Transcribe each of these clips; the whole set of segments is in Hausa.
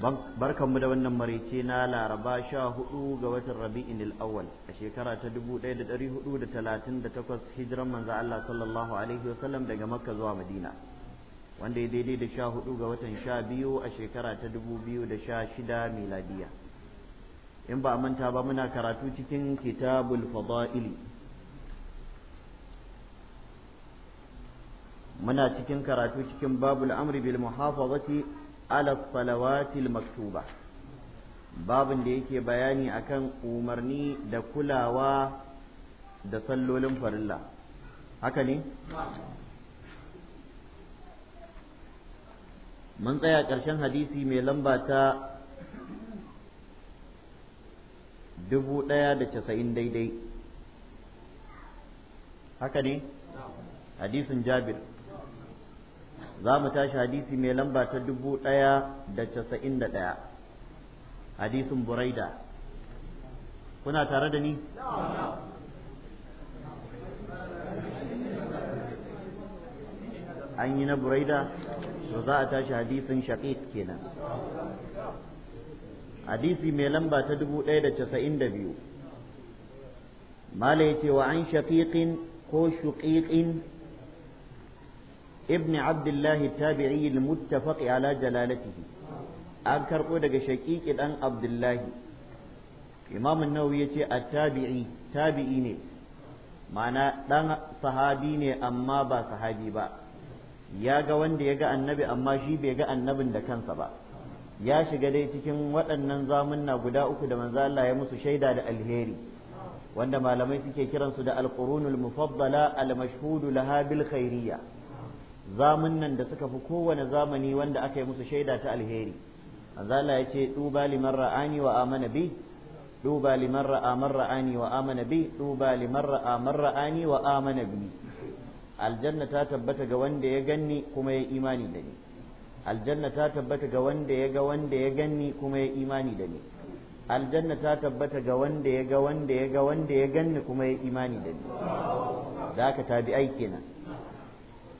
barkanmu da wannan maraice na laraba sha hudu ga watan rabi'in Al-Awwal, a shekara ta dubu ɗaya da ɗari hudu da talatin da takwas hijiran manzo Allah sallallahu alaihi wasallam daga makka zuwa madina wanda ya daidai da sha hudu ga watan sha biyu a shekara ta dubu biyu da sha shida miladiya in ba a manta ba muna karatu cikin kitabul fada'ili muna cikin karatu cikin babul amri bil muhafazati ala salawatil maktuba babin da yake bayani akan umarni da kulawa da sallolin farilla haka ne mun tsaya ƙarshen hadisi mai lamba ta dubu ɗaya da casa'in daidai haka ne hadisin jabir za mu tashi hadisi mai lamba ta dubu ɗaya da casa'in da ɗaya hadisin buraida kuna tare da ni an yi na buraida to za a tashi hadisin shaqiq kenan hadisi mai lamba ta dubu ɗaya da casa'in da biyu ما ya ce wa an شقيق ko ابن عبد الله التابعي المتفق على جلالته an karɓo daga shaƙiƙi ɗan abdullahi imamun nawawi ya ce a tabi'i tabi'i ne ma'ana ɗan sahabi ne amma ba sahabi ba ya ga wanda ya ga annabi amma shi bai ga annabin da kansa ba ya shiga dai cikin waɗannan zamunna guda uku da manzo Allah ya musu shaida da alheri wanda malamai suke kiransu da alqurunul mufaddala al-mashhudu laha bil khairiyya zamun nan da suka fi kowane zamani wanda aka yi musu shaida ta alheri azala ya ce duba liman ra'ani wa amana bi duba liman ra'a ra'ani wa amana bi duba liman ra'a ra'ani wa amana bi aljanna ta tabbata ga wanda ya ganni kuma ya imani da ni aljanna ta tabbata ga wanda ya ga wanda ya ganni kuma ya imani da ni aljanna ta tabbata ga wanda ya ga wanda ya ga wanda ya ganni kuma ya imani da ni da aka tabi aiki kenan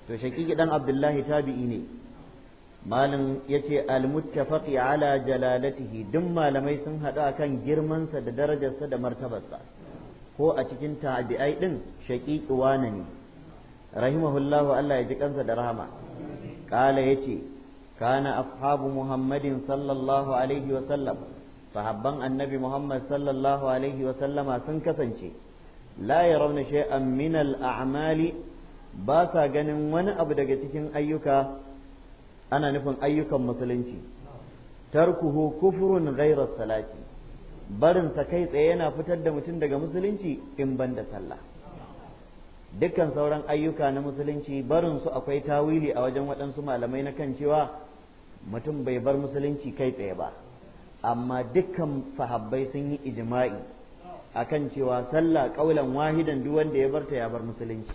to shaqiqi dan abdullahi tabi'i ne malin yace al-muttafaqi ala jalalatihi duk malamai sun haɗu akan girmansa da darajarsa da martabarsa ko a cikin tabi'ai din shaqiqi wani ne rahimahullahu Allah ya ji kansa da rahama kala yace kana ashabu muhammadin sallallahu alaihi wa sallam sahabban annabi Muhammad sallallahu alaihi wa sallama sun kasance la yarawna shay'an min al-a'mali ba sa ganin wani abu daga cikin ayyuka ana nufin ayyukan musulunci tarkuhu kufurun ghairar salati barinsa kai tsaye yana fitar da mutum daga musulunci in ban da sallah dukkan sauran ayyuka na musulunci barin su akwai tawili a wajen waɗansu malamai na kan cewa mutum bai bar musulunci kai tsaye ba amma dukkan sahabbai sun yi ijima'i akan cewa sallah ƙaulan wahidan duk wanda ya barta ya bar musulunci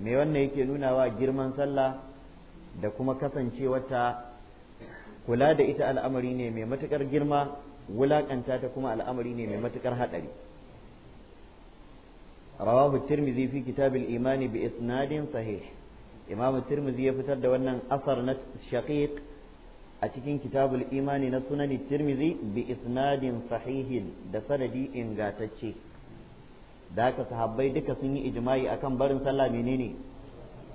me wannan yake wa girman sallah da kuma kasancewarta kula da ita al'amari ne mai matuƙar girma wulaƙanta ta kuma al'amari ne mai matuƙar haɗari rawahu tirmizi fi kitabil imani bi isnadin sahih imam tirmizi ya fitar da wannan asar na shaqiq a cikin kitabul imani na sunan tirmizi bi isnadin sahihin da sanadi ingantacce da haka sahabbai duka sun yi ijima'i akan barin sallah menene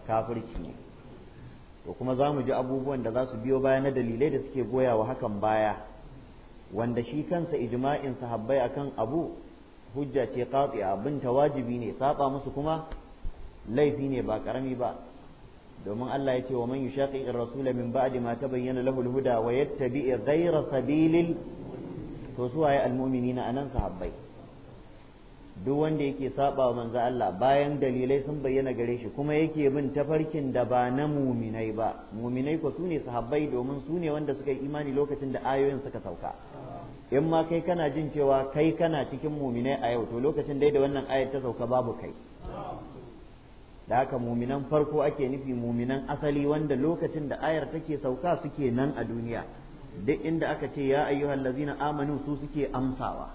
kafirci ne to kuma za mu ji abubuwan da za su biyo baya na dalilai da suke goya wa hakan baya wanda shi kansa ijma'in sahabbai akan abu hujja ce abin ta wajibi ne saba musu kuma laifi ne ba karami ba domin Allah ya ce wa man yushaqiqir rasula min ba'di ma tabayyana lahu al-huda wa yattabi' ghayra sabilil to suwaye al-mu'minina anan sahabbai duk wanda yake saba manzo Allah bayan dalilai sun bayyana gare shi kuma yake bin tafarkin da ba na muminai ba muminai ko sune sahabbai domin sune wanda suka yi imani lokacin da ayoyin suka sauka in ma kai kana jin cewa kai kana cikin muminai a yau to lokacin dai da wannan ayar ta sauka babu kai da haka muminan farko ake nufi muminan asali wanda lokacin da ayar take sauka suke nan a duniya duk inda aka ce ya ayyuhallazina amanu su suke amsawa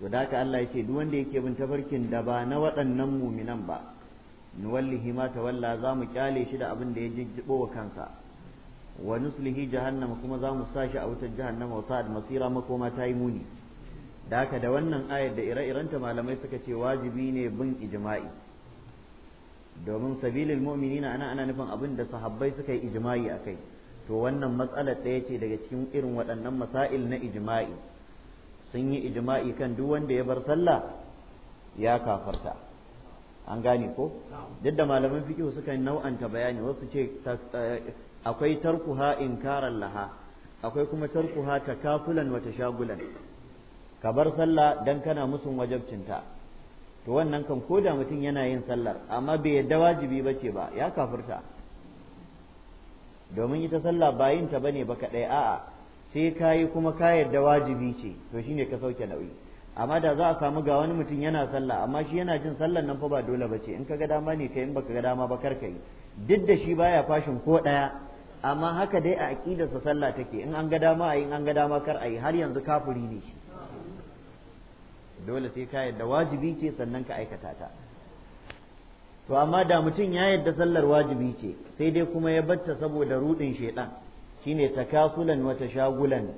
to da haka Allah yace duk wanda yake bin tafarkin da ba na waɗannan muminan ba nuwallihi ma tawalla za mu kyale shi da abin da ya jijjibo wa kansa wa nuslihi jahannama kuma za mu sa shi a wutar jahannama wa sa'ad masira makoma ta yi muni da haka da wannan ayar da ire-irenta malamai suka ce wajibi ne bin ijma'i domin sabilin mu'minina ana ana nufin abin da sahabbai suka yi ijma'i akai to wannan matsalar ɗaya ce daga cikin irin waɗannan masail na ijma'i sun yi ijma'i kan duk wanda ya bar sallah ya kafarta an gane ko duk da malaman fiqh suka nau'anta bayani wasu ce akwai tarkuha inkaran laha akwai kuma tarkuha ta kafulan wa tashagulan ka bar sallah dan kana musun wajabcinta to wannan kan ko da mutum yana yin sallar amma bai yadda wajibi bace ba ya kafirta domin ita sallah ba ta bane ba kadai a'a sai ka yi kuma ka yarda wajibi ce to shine ka sauke nauyi amma da za a samu ga wani mutum yana sallah amma shi yana jin sallar nan fa ba dole ba ce in ka ga dama ne kai in baka ga dama ba karka yi duk da shi baya fashin ko ɗaya amma haka dai a aƙidarsa sallah take in an ga dama a in an ga dama kar ayi har yanzu kafuri ne shi dole sai ka yarda wajibi ce sannan ka aikata ta to amma da mutum ya yarda sallar wajibi ce sai dai kuma ya batta saboda rudin shaidan shine takasulan wa tashagulan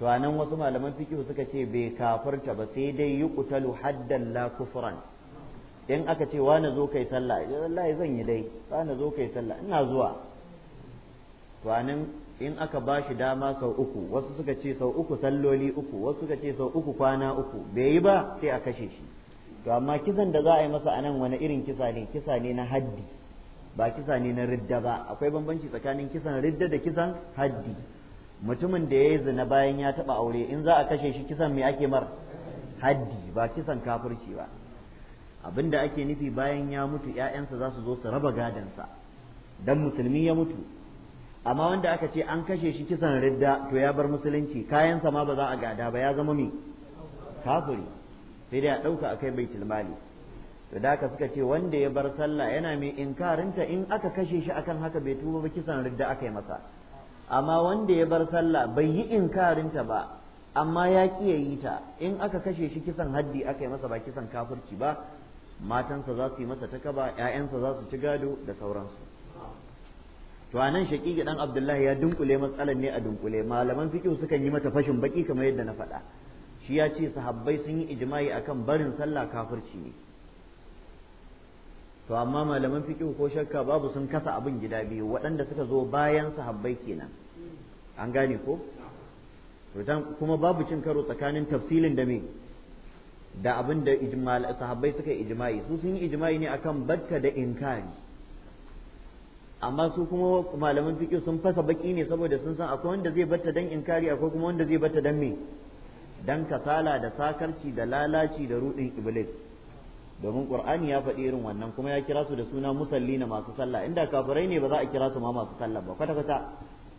to anan wasu malaman fiqh suka ce bai kafirta ba sai dai yuqtalu haddan la kufran in aka ce wa na zo kai sallah wallahi zan yi dai wa na zo kai sallah ina zuwa to anan in aka ba shi dama sau uku wasu suka ce sau uku salloli uku wasu suka ce sau uku kwana uku bai yi ba sai a kashe shi to amma kisan da za a yi masa anan wani irin kisa ne kisa ne na haddi ba kisa ne na ridda ba akwai bambanci tsakanin kisan ridda da kisan haddi mutumin da ya yi zina bayan ya taɓa aure in za a kashe shi kisan me ake mar haddi ba kisan kafirci ba Abinda ake nufi bayan ya mutu ‘ya'yansa za su zo su raba gadansa don musulmi ya mutu amma wanda aka ce an kashe shi kisan ridda to ya bar musulunci kayansa ma ba za a gada ba ya zama me kafiri sai dai a ɗauka a kai baitul mali to da suka ce wanda ya bar sallah yana mai inkarinta in aka kashe shi akan haka bai tuba ba kisan ridda aka yi masa amma wanda ya bar sallah bai yi inkarinta ba amma ya ƙi yi ta in aka kashe shi kisan haddi aka yi masa ba kisan kafirci ba matansa za su yi masa takaba ƴaƴansa za su ci gado da sauransu to anan shaqiqi dan abdullahi ya dunkule matsalar ne a dunkule malaman fiqh sukan yi mata fashin baki kamar yadda na faɗa shi ya ce sahabbai sun yi ijma'i akan barin sallah kafirci ne to amma malaman fiqh ko shakka babu sun kasa abin gida biyu waɗanda suka zo bayan sahabbai kenan an gane ko to kuma babu cin karo tsakanin tafsilin da me da abin da sahabbai suka yi ijma'i su sun yi ijma'i ne akan batta da inkari amma su kuma malaman fiqh sun fasa baki ne saboda sun san akwai wanda zai batta dan inkari akwai kuma wanda zai batta dan me dan kasala da sakarci da lalaci da rudin iblis domin qur'ani ya faɗi irin wannan kuma ya kira su da suna musalli na masu sallah inda kafirai ne ba za a kira su ma masu sallah ba kwata kwata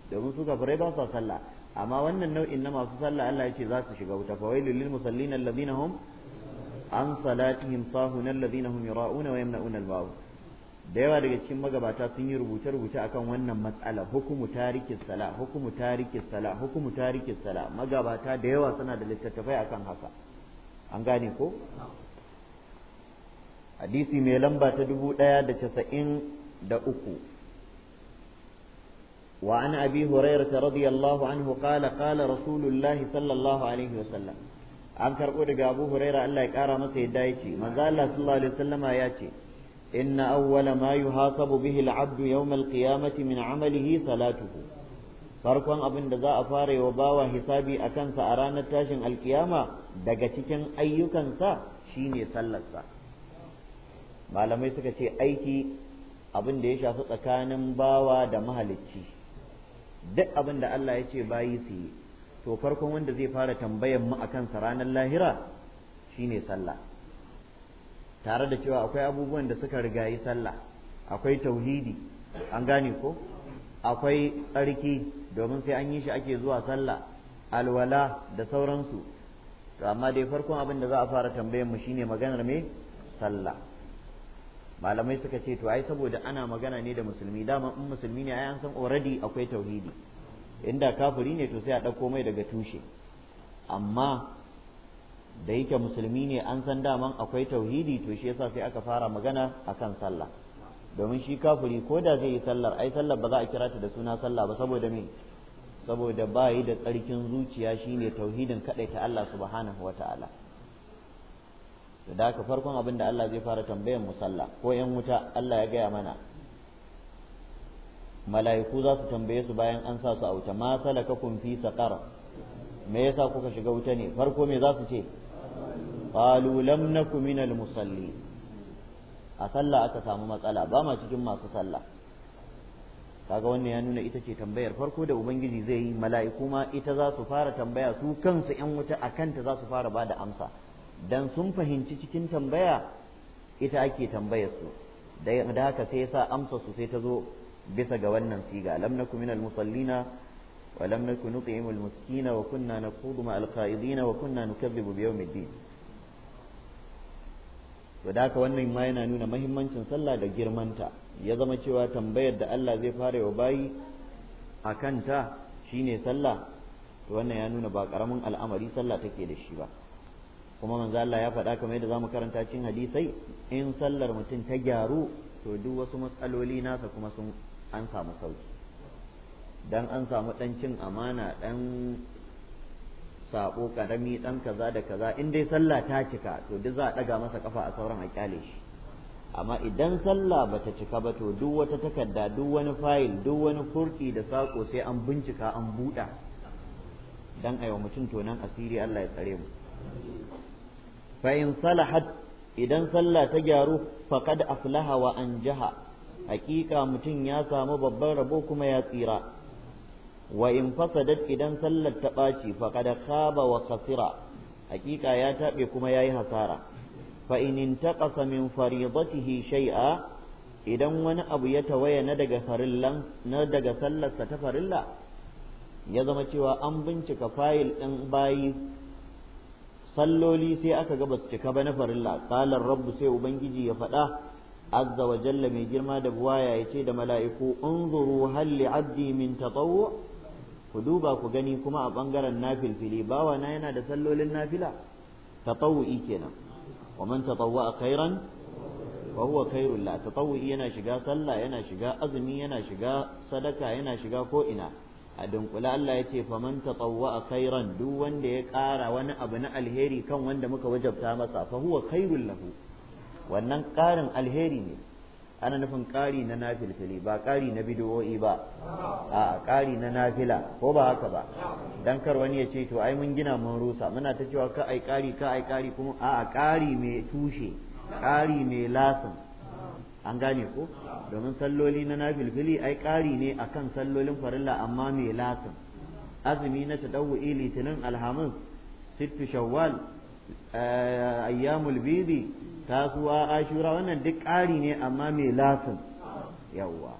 domin su kafirai ba sa sallah amma wannan nau'in na masu sallah Allah ya ce za su shiga wuta fawailul lil musallin alladhina hum an salatihim sahun alladhina hum wa yamna'una al da yawa daga cikin magabata sun yi rubuce rubuce akan wannan matsala hukumu tarikis sala hukumu tarikis sala hukumu tarikis sala magabata da yawa suna da littattafai akan haka an gane ko hadisi mai lamba ta dubu ɗaya da casa'in da uku وعن أبي هريرة رضي الله عنه قال قال رسول الله صلى الله عليه وسلم an karɓo daga abu huraira Allah ya ƙara masa yadda ya ce manzo Allah sallallahu alaihi ya ce inna awwala ma yuhasabu bihi al-'abdu yawm al-qiyamati min 'amalihi salatuhu farkon abin da za a fara wa bawa hisabi akan sa a ranar tashin alkiyama daga cikin ayyukansa shine sallarsa malamai suka ce aiki abin da ya shafi tsakanin bawa da mahalicci duk abin da Allah ya ce bayi su yi to farkon wanda zai fara tambayan mu akan sa ranar lahira shine sallah tare da cewa akwai abubuwan da suka rigayi sallah akwai tauhidi an gane ko akwai tsarki domin sai an yi shi ake zuwa sallah alwala da sauransu to amma dai farkon abin da za a fara tambayan mu shine maganar me sallah malamai suka ce to ai saboda ana magana ne da musulmi dama in musulmi ne ai an san already akwai tauhidi inda kafiri ne to sai a ɗauko mai daga tushe amma da yake musulmi ne an san daman akwai tauhidi to shi yasa sai aka fara magana akan sallah domin shi kafiri ko da zai yi sallar ai sallar ba za a kira ta da suna sallah ba saboda me saboda ba da tsarkin zuciya shine tauhidin kadai ta Allah subhanahu wataala da haka farkon abin da Allah zai fara tambayan musalla ko yan wuta Allah ya gaya mana mala'iku za su tambaye su bayan an sa su a wuta ma kun fi saqar me yasa kuka shiga wuta ne farko me za su ce qalu lam naku al musalli a sallah aka samu matsala ba ma cikin masu sallah kaga wannan ya nuna ita ce tambayar farko da ubangiji zai yi mala'iku ma ita za su fara tambaya su kansu yan wuta akan ta za su fara bada amsa dan sun fahimci cikin tambaya ita ake tambayar su da haka sai yasa amsa su sai ta zo bisa ga wannan siga lam naku minal musallina wa lam naku nut'imul miskina wa kunna naqudu ma'al qa'idina wa kunna nukazzibu bi yawmiddin to da haka wannan ma yana nuna muhimmancin sallah da girmanta ya zama cewa tambayar da Allah zai fara wa bayi akan ta shine sallah to wannan ya nuna ba karamin al'amari sallah take da shi ba kuma manzo Allah ya faɗa kamar yadda zamu karanta cikin hadisai in sallar mutum ta gyaru to duk wasu matsaloli nasa kuma sun an samu sauki dan an samu dan cin amana dan sako karami dan kaza da kaza in dai sallah ta cika to duk za a daga masa kafa a sauran a kyale shi amma idan sallah bata cika ba to duk wata takarda duk wani fayil duk wani furki da sako sai an bincika an buɗa dan aiwa mutum to nan asiri Allah ya tsare mu fa in salahat idan sallah ta gyaru faqad aflaha wa anjaha hakika mutum ya samu babban rabo kuma ya tsira wa in fasadat idan sallar ta ɓaci faqad khaba wa khasira hakika ya taɓe kuma yayi hasara fa in intaqasa min faridatihi shay'a idan wani abu ya tawaya na daga farillan na daga sallarsa ta farilla ya zama cewa an bincika fayil ɗin bayi salloli sai aka ga basu cika ba na farilla qalar rabu sai ubangiji ya faɗa azza wa jalla mai girma da buwaya ya ce da mala'iku unzuru hal li abdi min tatawwu ku duba ku gani kuma a bangaren nafilfili bawa na yana da sallolin nafila tatawwi kenan wa man tatawwa khairan fa huwa khairul la tatawwi yana shiga sallah yana shiga azumi yana shiga sadaka yana shiga ko ina a dunkula Allah ya ce faman a kairan duk wanda ya ƙara wani abu na alheri kan wanda muka wajabta masa fa huwa kairun lahu wannan ƙarin alheri ne ana nufin ƙari na nafilfili ba ƙari na bidiyo'i ba a ƙari na nafila ko ba haka ba dan kar wani ya ce to ai mun gina mun rusa muna ta cewa ka ai ƙari ka ai ƙari kuma a ƙari mai tushe ƙari mai lasin an gane ko domin salloli na nafilfili ai ƙari ne akan sallolin farilla amma mai latin azumi na tadawwi litinin alhamis sittu shawwal eh, ayyamul bidi tasuwa ashura wannan duk ƙari ne amma mai latin yawwa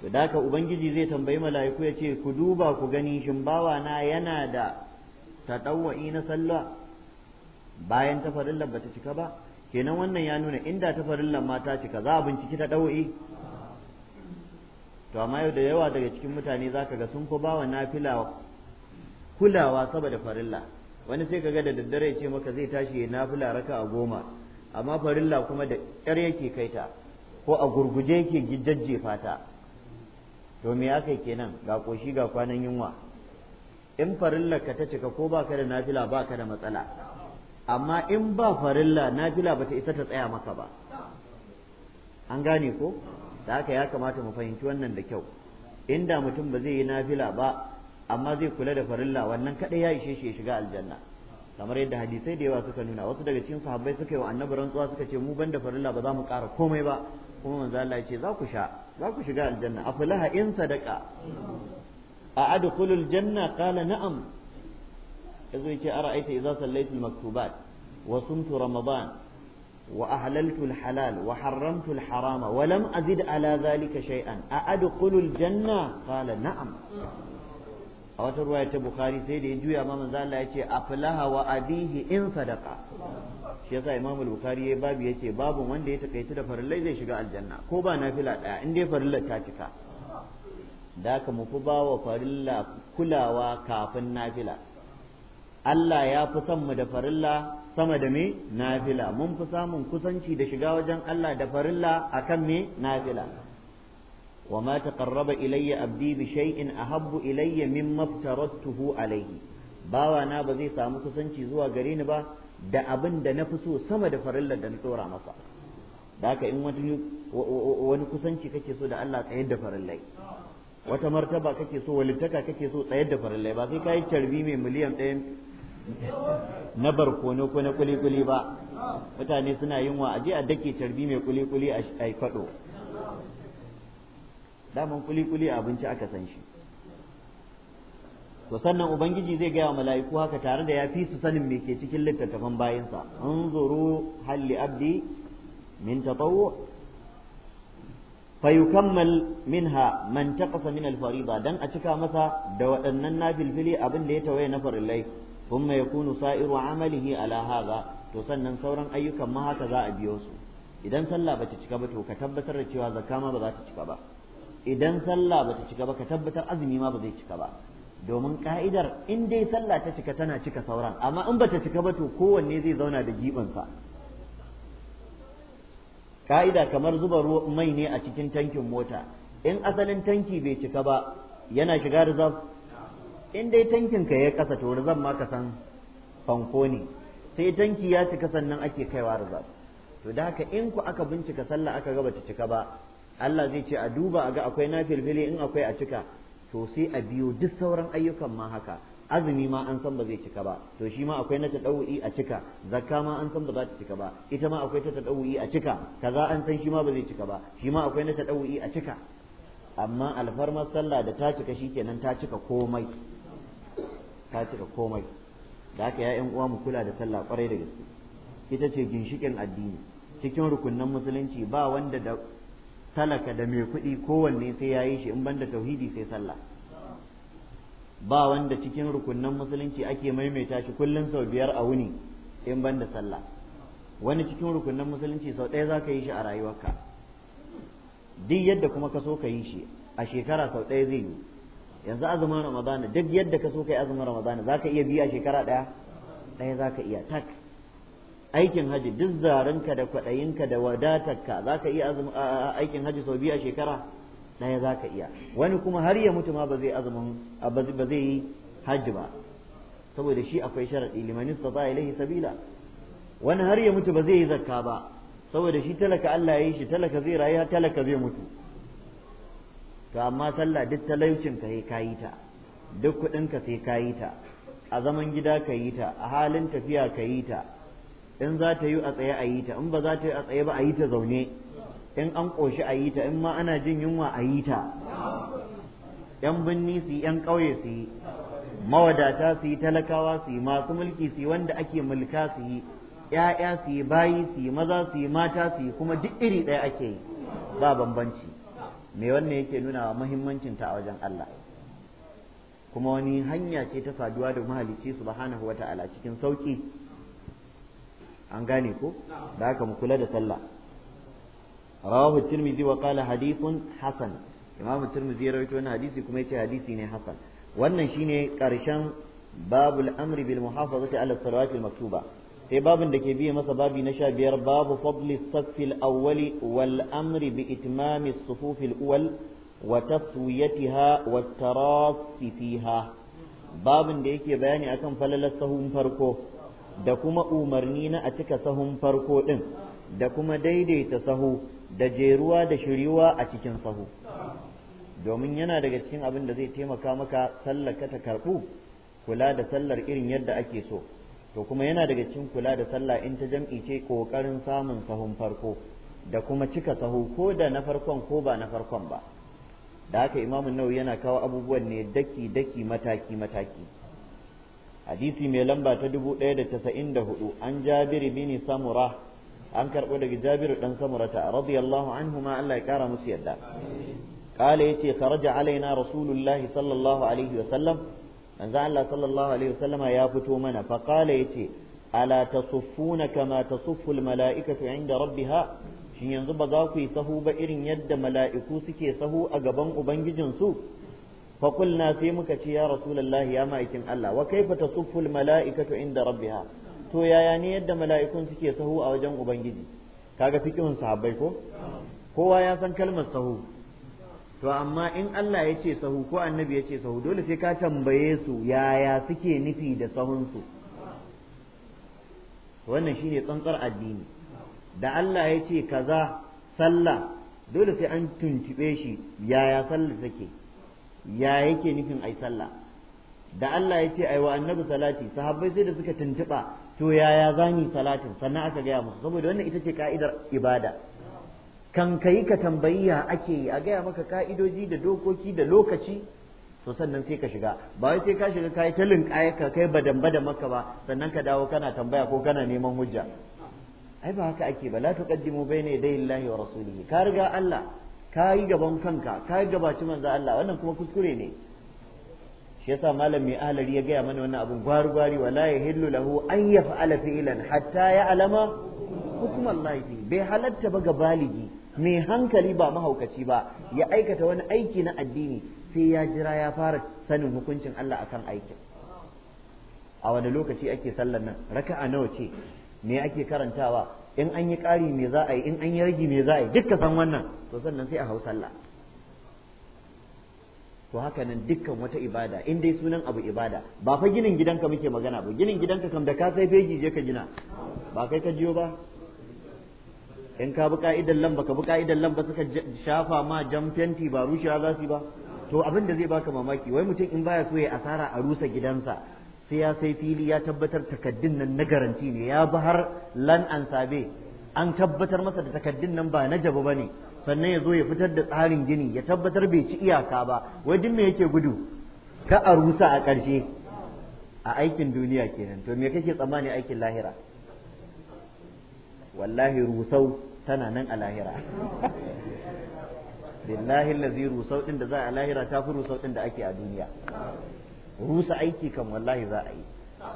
to da ka ubangiji zai tambayi mala'iku ya ce ku duba ku gani shin bawa na yana da tadawu na sallah bayan ta farilla bata cika ba kenan wannan ya nuna inda ta lamma mata cika za a binciki ta ɗau'i to amma yau da yawa daga cikin mutane za ka ga sun ko ba nafila kulawa saboda farilla wani sai ka ga da daddare ce maka zai tashi ya nafila raka a goma amma farilla kuma da ƙyar yake kai ta ko a gurguje yake gijajjefa ta to me aka kenan ga ƙoshi ga kwanan yunwa in farillar ka ta cika ko ba ka da nafila ba ka da matsala amma in ba farilla nafila bata isa ta tsaya maka ba an gane ko da haka ya kamata mu fahimci wannan da kyau inda mutum ba zai yi nafila ba amma zai kula da farilla wannan kadai ya ishe shi ya shiga aljanna kamar yadda hadisai da yawa suka nuna wasu daga cikin sahabbai suka yi wa annabi rantsuwa suka ce mu banda farilla ba za mu ƙara komai ba kuma manzo Allah ya ce za ku sha za ku shiga aljanna afalaha in sadaqa a adkhulul janna qala na'am yazo yace a idza sallaitu al-maktubat wa sumtu ramadan wa ahlaltu al-halal wa harramtu al-harama wa lam azid ala dhalika shay'an a adkhulu al qala na'am a wata ruwaya ta bukhari sai da ya juya ma manzo Allah yace aflaha wa abihi in sadaqa shi yasa imamu bukhari ya babu yace babu wanda ya takaitu da farillai zai shiga aljanna ko ba nafila daya in dai farillar ta cika da ka mu fi bawa farilla kulawa kafin nafila Allah ya fi son mu da farilla sama da me nafila mun fi samun kusanci da shiga wajen Allah da farilla akan me nafila wa ma taqarraba ilayya abdi bi shay'in ahabbu ilayya mimma aftaratuhu alayhi bawa na ba zai samu kusanci zuwa gare ni ba da abin da na fi so sama da farillar da na tsora masa da haka in wani wani kusanci kake so da Allah tsayar da farillai wata martaba kake so walittaka kake so tsayar da farillai ba sai kai tarbi mai miliyan ɗaya na barkono ko na kuli-kuli ba mutane suna yunwa a je a dake tarbi mai kuli-kuli a kwaɗo daman kuli-kuli abinci aka san shi to sannan ubangiji zai gaya wa mala'iku haka tare da ya fi su sanin me ke cikin littattafan bayansa an zuru halli abdi min tatawu fa yukammal minha man taqasa min al fariba dan a cika masa da waɗannan nafilfili abin da ya tawaye na farillai ya yakunu sa'iru amalihi ala hadha to sannan sauran ayyukan ma haka za a biyo su idan sallah bata cika ba to ka tabbatar da cewa zakka ma ba za ta cika ba idan sallah bata cika ba ka tabbatar azumi ma ba zai cika ba domin ka'idar in dai sallah ta cika tana cika sauran amma in bata cika ba to kowanne zai zauna da jibansa ka'ida kamar zuba mai ne a cikin tankin mota in asalin tanki bai cika ba yana shiga reserve in dai tankin ka ya kasa to zan ma ka san fanko ne sai tanki ya cika sannan ake kaiwa rizab to da haka in ku aka bincika sallah aka ga bata cika ba Allah zai ce a duba a ga akwai nafilfili in akwai a cika to sai a biyo duk sauran ayyukan ma haka azumi ma an san ba zai cika ba to shi ma akwai na tadawu'i a cika zakka ma an san ba za ta cika ba ita ma akwai ta tadawu'i a cika kaza an san shi ma ba zai cika ba shi ma akwai na tadawu'i a cika amma alfarmar sallah da ta cika shi shikenan ta cika komai ta cika komai da haka ya yan uwa mu kula da sallah kwarai da gaske ita ce ginshikin addini cikin rukunnan musulunci ba wanda da talaka da mai kuɗi kowanne sai ya yi shi in banda tauhidi sai sallah ba wanda cikin rukunnan musulunci ake maimaita shi kullum sau biyar a wuni in banda sallah wani cikin rukunnan musulunci sau ɗaya za ka yi shi a rayuwarka duk yadda kuma ka so ka yi shi a shekara sau ɗaya zai yi yanzu azumin ramadana duk yadda ka so kai azumin ramadana za ka iya biya shekara ɗaya ɗaya za ka iya tak aikin hajji duk zarinka da kwaɗayinka da wadatarka za ka iya aikin hajji sau biya shekara ɗaya za ka iya wani kuma har ya mutu ma ba zai azumin ba zai yi haji ba saboda shi akwai sharaɗi liman istata ilaihi sabila wani har ya mutu ba zai yi zakka ba saboda shi talaka Allah ya yi shi talaka zai rayu talaka zai mutu to amma sallah duk talaucin ka sai kayi ta duk kuɗin ka sai kayi ta a zaman gida ka yi ta a halin tafiya ka yi ta in za ta yi a tsaye a yi ta in ba za ta yi a tsaye ba a yi ta zaune in an ƙoshi a yi ta in ma ana jin yunwa a yi ta yan binni su yan ƙauye su mawadata su talakawa su masu mulki su wanda ake mulka su ‘ya'ya su yi bayi su maza su mata su kuma duk iri ɗaya ake yi ba bambanci me wannan yake nuna wa muhimmancin ta a wajen Allah kuma wani hanya ce ta saduwa da mahalicci subhanahu wa ta'ala cikin sauki an gane ko da haka mu kula da sallah rawahu tirmidhi wa qala hadithun hasan imamu tirmidhi ya rawaito wannan hadisi kuma yace hadisi ne hasan wannan shine karshen babul amri bil muhafazati ala salawati al maktuba sai babin da ke biye masa babi na sha biyar babu fadli safil awwali wal amri bi itmami sufufil uwal wa taswiyatiha wa tarasi fiha babin da yake bayani akan falalar sahun farko da kuma umarni na a cika sahun farko din da kuma daidaita sahu da jeruwa da shiriwa a cikin sahu domin yana daga cikin abin da zai taimaka maka sallaka ta karɓu kula da sallar irin yadda ake so to kuma yana daga cikin kula da sallah in ta jam'i ce kokarin samun sahun farko da kuma cika sahu ko da na farkon ko ba na farkon ba da haka imamun nawawi yana kawo abubuwan ne daki daki mataki mataki hadisi mai lamba ta dubu ɗaya da da hudu an jabir bini samura an karɓo daga jabir dan ta radiyallahu anhu ma Allah ya kara musu yadda قال يتي خرج علينا رسول الله صلى الله عليه وسلم manzo Allah sallallahu alaihi wasallama ya fito mana fa qala yace ala tasuffuna kama tasuffu almalaikatu inda rabbiha shin yanzu ba za ku yi sahu ba irin yadda mala'iku suke sahu a gaban ubangijinsu fa qulna sai muka ce ya rasulullahi ya ma'aikin Allah wa kaifa tasuffu almalaikatu inda rabbiha to yaya ne yadda mala'ikun suke sahu a wajen ubangiji kaga fikihun sahabbai ko kowa ya san kalmar sahu to amma in Allah ya ce sahu ko annabi ya ce sahu dole sai ka tambaye su yaya suke nufi da sahunsu wannan shine tsantsar addini da Allah ya ce kaza sallah dole sai an tuntube shi yaya sallah take ya yake nufin ai sallah da Allah ya ce ai wa annabi salati sahabbai sai da suka tuntuba to yaya zani salatin sannan aka gaya musu saboda wannan ita ce ka'idar ibada kan kai ka tambayi ya ake yi a gaya maka ka'idoji da dokoki da lokaci to sannan sai ka shiga ba wai sai ka shiga kai ta linƙaya ka kai badan da maka ba sannan ka dawo kana tambaya ko kana neman hujja ai ba haka ake ba la tuqaddimu bayna yaday Allahi wa rasulihi ka riga Allah ka yi gaban kanka ka yi gabaci manzo Allah wannan kuma kuskure ne shi yasa malam mai ahlari ya gaya mana wannan abun gwari gwari wala yahillu lahu an yaf'ala fi'lan hatta ya alama Allah bai halatta ba ga baligi mai hankali ba mahaukaci ba ya aikata wani aiki na addini sai ya jira ya fara sanin hukuncin Allah akan aikin a wani lokaci ake sallar nan raka'a nawa ce me ake karantawa in an yi ƙari me za a yi in an yi ragi me za a yi dukka san wannan to sannan sai a hau sallah to haka nan dukkan wata ibada in dai sunan abu ibada ba fa ginin gidanka muke magana ba ginin gidanka kam da ka sai fegi je ka gina ba kai ka jiyo ba in ka bi ka'idar lamba ka bi ka'idar lamba suka shafa ma jan fenti ba rushewa za su ba to abin da zai baka mamaki wai mutum in baya so ya asara a rusa gidansa sai ya sai fili ya tabbatar takaddun nan na garanti ne ya bi har lan an sabe an tabbatar masa da takaddun nan ba na jaba ne sannan ya zo ya fitar da tsarin gini ya tabbatar bai ci iyaka ba wai duk me yake gudu ka a rusa a ƙarshe a aikin duniya kenan to me kake tsammani aikin lahira wallahi rusau tana nan a lahira billahi allazi rusau din da za a lahira ta fi rusau din da ake a duniya rusa aiki kan wallahi za a yi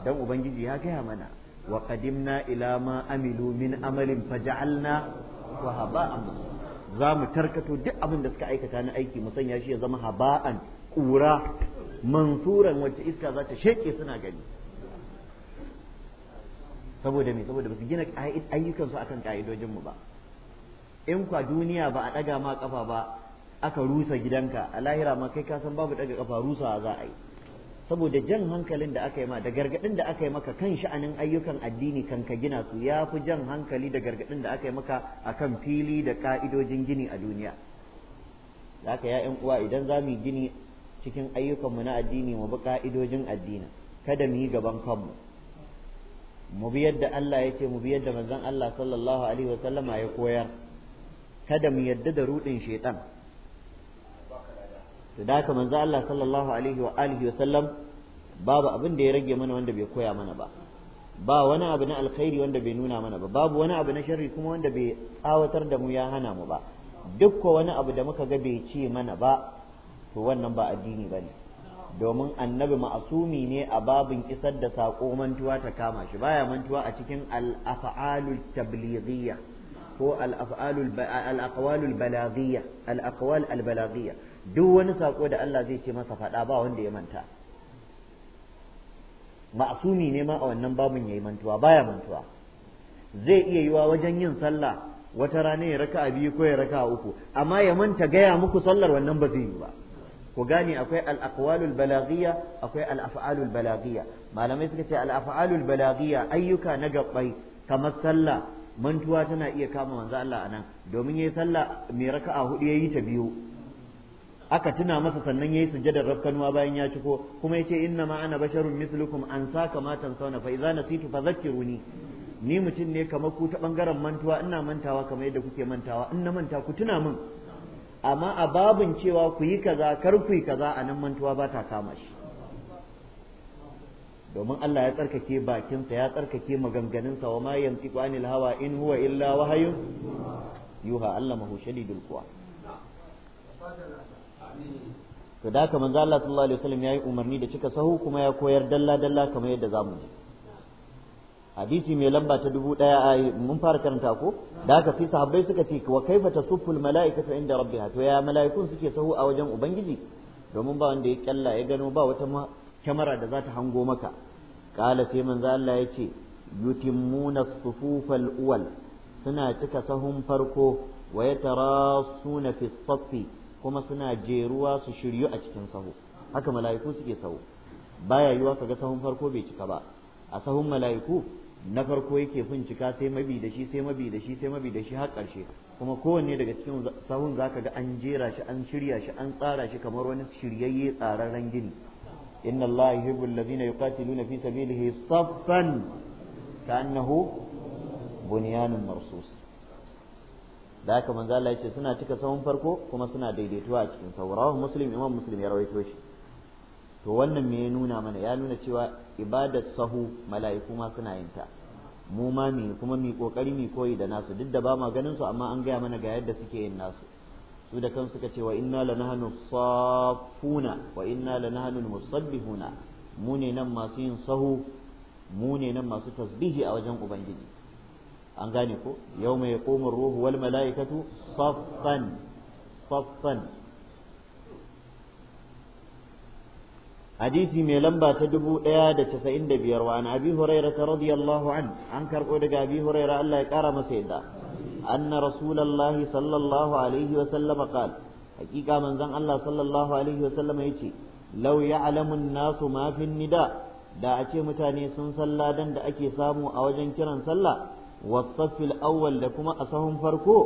dan ubangiji ya gaya mana wa qadimna ila ma amilu min amalin faj'alna wa haba'an za mu tarkato duk abin da suka aikata na aiki mu sanya shi ya zama haba'an kura mansuran wacce iska za ta sheke suna gani saboda me saboda ba su gina ayyukansu akan mu ba in kwa duniya ba a ɗaga ma ƙafa ba aka rusa gidanka a lahira ma kai ka san babu ɗaga ƙafa rusa za a yi saboda jan hankalin da aka yi ma da gargaɗin da aka yi maka kan sha'anin ayyukan addini kan ka gina su ya fi jan hankali da gargaɗin da aka yi maka a kan fili da ƙa'idojin gini a duniya za ka ya uwa idan za mu gini cikin ayyukanmu na addini mu bi ƙa'idojin addini kada mu yi gaban kanmu mu bi yadda Allah ya ce mu bi yadda manzon Allah sallallahu alaihi wa sallama ya koyar kada mu yadda da ruɗin shaitan to da ka manzo Allah sallallahu alaihi wa alihi wa sallam babu abin da ya rage mana wanda bai koya mana ba ba wani abu na alkhairi wanda bai nuna mana ba babu wani abu na sharri kuma wanda bai tsawatar da mu ya hana mu ba duk wani abu da muka ga bai ce mana ba to wannan ba addini bane domin annabi ma'asumi ne a babin isar da sako mantuwa ta kama shi baya mantuwa a cikin al-af'alut tablighiyyah ko al-aqwalul balaghiya al duk wani sako da Allah zai ce masa faɗa ba wanda ya manta ma'asumi ne ma a wannan babun yayi mantuwa baya mantuwa zai iya yiwa wajen yin sallah wata rana ya raka biyu ko ya raka uku amma ya manta gaya muku sallar wannan ba zai yi ba ku gane akwai al akwai al-af'alul malamai suka ce al-af'alul ayyuka na gaɓai kamar sallah mantuwa tana iya kama manzo Allah anan domin ya yi sallah mai raka'a hudu yayi ta biyu aka tuna masa sannan ya yayi sujjadar rafkanuwa bayan ya ciko kuma ya ce inna ma ana basharun mislukum an saka kamatan sauna fa idza nasitu fadhakkiruni ni mutum ne kamar ku ta bangaren mantuwa ina mantawa kamar yadda kuke mantawa in manta ku tuna min amma a babin cewa ku yi kaza kar ku yi kaza nan mantuwa ba ta kama shi domin Allah ya tsarkake bakinsa ya tsarkake maganganunsa wa ma yanti anil hawa in huwa illa wahayun yuha Allah mahu shadidul quwa to da haka manzo Allah sallallahu alaihi wasallam yayi umarni da cika sahu kuma ya koyar dalla dalla kamar yadda zamu ji hadisi mai lamba ta dubu daya mun fara karanta ko da haka sai sahabbai suka ce wa kaifa tasuful malaikatu inda rabbiha to ya mala'ikun suke sahu a wajen ubangiji domin ba wanda ya kalla ya gano ba wata kamara da za ta hango maka kala sai manzo Allah ya ce yutimmuna sufufal uwal suna cika sahun farko wa yatarasuna fi saffi kuma suna jeruwa su shiryu a cikin sahu haka mala'iku suke sahu baya yiwa kaga sahun farko bai cika ba a sahun mala'iku na farko yake fin cika sai mabi da shi sai mabi da shi sai mabi da shi har ƙarshe kuma kowanne daga cikin sahun zaka ga an jera shi an shirya shi an tsara shi kamar wani shiryayye tsararren gini إن الله يحب الذين يقاتلون في سبيله صفا كأنه بنيان مرصوص da haka manzo Allah yace suna cika sahun farko kuma suna daidaituwa a cikin sahu rawahu muslim imam muslim ya rawaito shi to wannan me ya nuna mana ya nuna cewa ibadar sahu mala'iku ma suna yin ta mu ma mi kuma mi kokari mi koyi da nasu duk da ba ma ganin su amma an gaya mana ga yadda suke yin nasu su da kansu suka ce wa inna lanahnu safuna wa inna lanahnu musabbihuna mu ne nan masu yin sahu mu ne nan masu tasbihi a wajen ubangiji an gane ko yawma yaqumu ruhu wal malaikatu saffan saffan hadisi mai lamba ta dubu ɗaya da casa'in da biyarwa wa an abi hurairah radiyallahu an an karɓo daga abi hurairah Allah ya ƙara masa yadda أن رسول الله صلى الله عليه وسلم قال حقيقة من زن الله صلى الله عليه وسلم يتي لو يعلم الناس ما في النداء da a ce mutane sun san ladan da ake samu a wajen kiran sallah wasafil awwal da kuma a sahun farko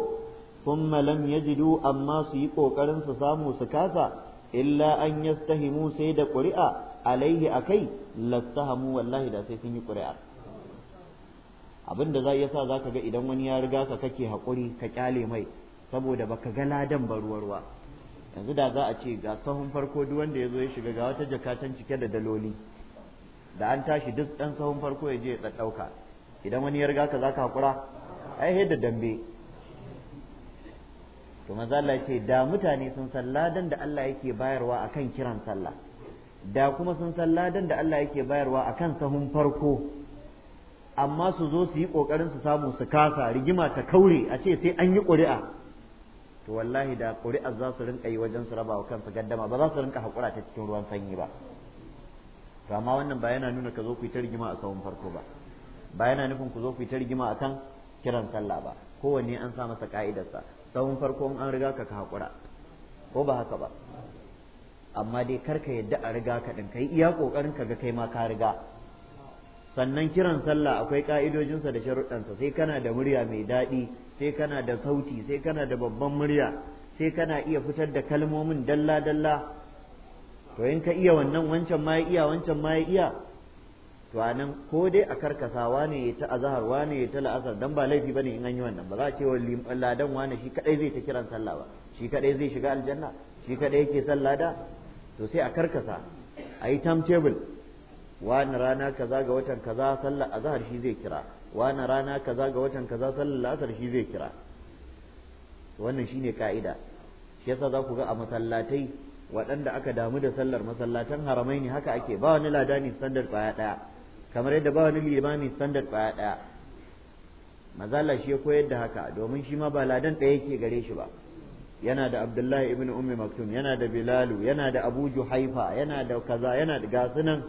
thumma lam yajidu amma su yi kokarin su samu su kasa illa an yastahimu sai da ƙuri'a alaihi a akai lastahamu wallahi da sai sun yi ƙuri'a abin da zai ya sa za ga idan wani ya riga ka kake hakuri ka kyale mai saboda baka ga ladan ba ruwa yanzu da za a ce ga sahun farko duk wanda ya zo ya shiga ga wata jakatan cike da daloli da an tashi duk dan sahun farko ya je ya ɗauka idan wani ya riga ka za ka haƙura ai da dambe to maza ce da mutane sun san ladan da Allah yake bayarwa akan kiran sallah da kuma sun san ladan da Allah yake bayarwa akan sahun farko amma su zo su yi ƙoƙarin su samu su kasa rigima ta kaure a ce sai an yi ƙuri'a to wallahi da ƙuri'a za su rinka yi wajen su raba wa kansu gaddama ba za su rinka haƙura ta cikin ruwan sanyi ba to amma wannan ba yana nuna ka zo ku yi ta rigima a tsawon farko ba ba yana nufin ku zo ku yi ta rigima akan kiran sallah ba kowanne an sa masa ka'idarsa tsawon farko in an riga ka ka haƙura ko ba haka ba amma dai kar ka yadda a riga ka ɗin ka yi iya ƙoƙarin ka ga kai ma ka riga sannan kiran sallah akwai ka'idojinsa da sharuɗansa sai kana da murya mai daɗi sai kana da sauti sai kana da babban murya sai kana iya fitar da kalmomin dalla-dalla to in ka iya wannan wancan ma ya iya wancan ma ya iya to a nan ko dai a karkasa wane ya ta azahar wane ya ta la'asar dan ba laifi bane in an yi wannan ba za a ce wa ladan wane shi kadai zai ta kiran sallah ba shi kadai zai shiga aljanna shi kadai yake sallah da to sai a karkasa a yi timetable wani rana kaza ga watan kaza sallar azhar shi zai kira wani rana kaza ga watan kaza sallar asar shi zai kira wannan shine ka'ida shi yasa za ku ga a masallatai waɗanda aka damu da sallar masallatan haramai ne haka ake ba wani ladani standard baya ɗaya kamar yadda ba wani limami standard baya ɗaya mazala shi ya koyar da haka domin shi ma ba ladan ɗaya yake gare shi ba yana da abdullahi ibn ummi maktum yana da bilalu yana da abu juhaifa yana da kaza yana da gasunan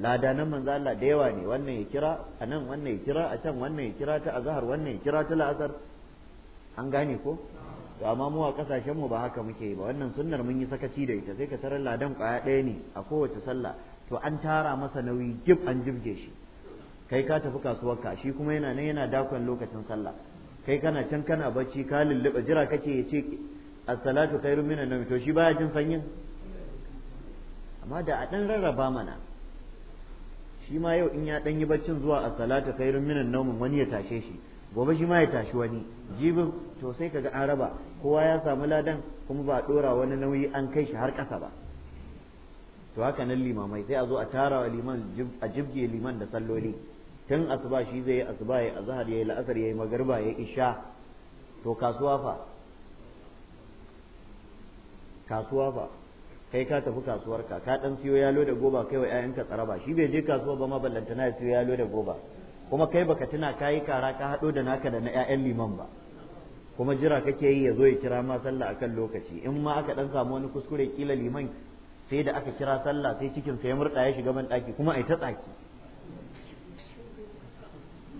lada nan manzo Allah da yawa ne wannan ya kira a nan wannan ya kira a can wannan ya kira ta azhar wannan ya kira ta la'asar an gane ko to amma mu a kasashen mu ba haka muke yi ba wannan sunnar mun yi sakaci da ita sai ka tarar ladan kwaya ɗaya ne a kowace sallah to an tara masa nauyi gib an jibge shi kai ka tafi ka. shi kuma yana nan yana dakon lokacin sallah kai kana can kana bacci ka lulluɓa jira kake ya ce as-salatu khairun minan nawm to shi baya jin sanyin amma da a dan rarraba mana shi ma yau in ya dan yi baccin zuwa a salata khairun minan naumin wani ya tashe shi gobe shi ma ya tashi wani jibi to sai kaga an raba kowa ya samu ladan kuma ba a dora wani nauyi an kai shi har kasa ba to haka nan limamai sai a zo a tara wa liman a jibge liman da salloli tun asuba shi zai yi asuba yayi azhar yayi la'asar ya yi yayi isha to kasuwa fa kasuwa fa kai ka tafi kasuwarka ka dan siyo yalo da goba kai wa ƴaƴanka tsaraba shi bai je kasuwa ba ma ballantana ya siyo yalo da goba kuma kai baka tuna kayi kara ka hado da naka da na ƴaƴan liman ba kuma jira kake yi ya zo ya kira ma sallah akan lokaci in ma aka dan samu wani kuskure kila liman sai da aka kira sallah sai cikin sa ya murda ya shiga ban daki kuma ai ta tsaki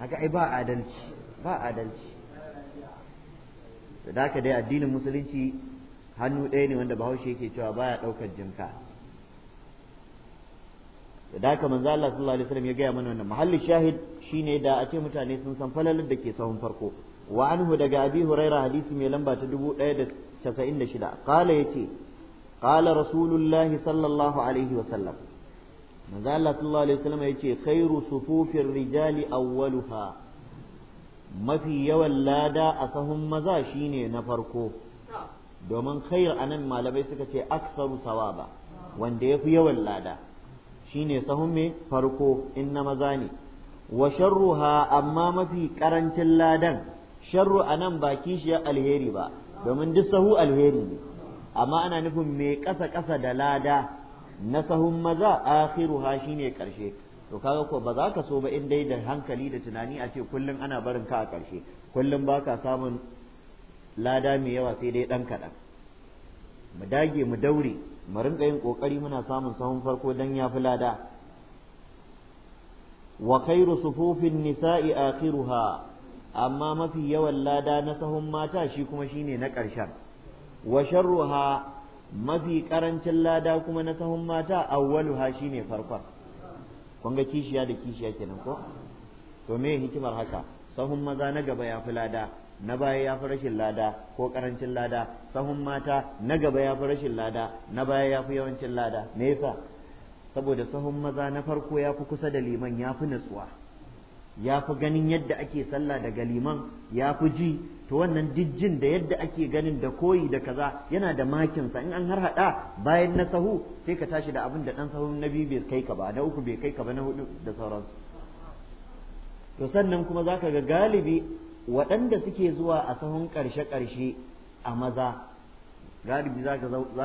haka ai ba adalci ba adalci da haka dai addinin musulunci hannu ɗaya ne wanda bahaushe yake cewa baya ɗaukar jinka da haka manzo Allah sallallahu alaihi wasallam ya gaya mana wannan mahallin shahid shine da a ce mutane sun san falalar da ke sahun farko wa anhu daga abi huraira hadisi mai lamba ta 1096 qala yace qala rasulullahi sallallahu alaihi wasallam manzo Allah sallallahu alaihi wasallam yace khairu sufufir rijali awwaluha mafi yawan lada a sahun maza shine na farko domin khair anan malamai suka ce aksaru sawaba wanda ya fi yawan lada shine sahun me farko in na maza ne wa sharruha amma mafi karancin ladan sharru anan ba kishiyar alheri ba domin duk sahu alheri ne amma ana nufin mai ƙasa ƙasa da lada na sahun maza akhiruha shine karshe to kaga ko ba za ka so ba in dai da hankali da tunani a ce kullum ana barin ka a karshe kullum baka samun lada mai yawa sai dai ɗan kaɗan mu dage mu daure mu rinƙa yin ƙoƙari muna samun sahun farko don ya fi lada wa khairu sufufin nisa'i akhiruha amma mafi yawan lada na sahun mata shi kuma shine na ƙarshen wa sharruha mafi ƙarancin lada kuma na sahun mata awwaluha shine farkon kun ga kishiya da kishiya kenan ko to me hikimar haka sahun maza na gaba ya fi lada na baya ya fi rashin lada ko karancin lada sahun mata na gaba ya fi rashin lada na baya ya fi yawancin lada me yasa saboda sahun maza na farko ya fi kusa da liman ya fi natsuwa ya fi ganin yadda ake sallah daga liman ya fi ji to wannan dijjin da yadda ake ganin da koyi da kaza yana da makinsa in an har hada bayan na sahu sai ka tashi da abin da dan sahun na biyu bai kai ka ba na uku bai kai ka ba na hudu da sauransu to sannan kuma zaka ga galibi waɗanda suke zuwa a sahun ƙarshe-ƙarshe a maza galibi za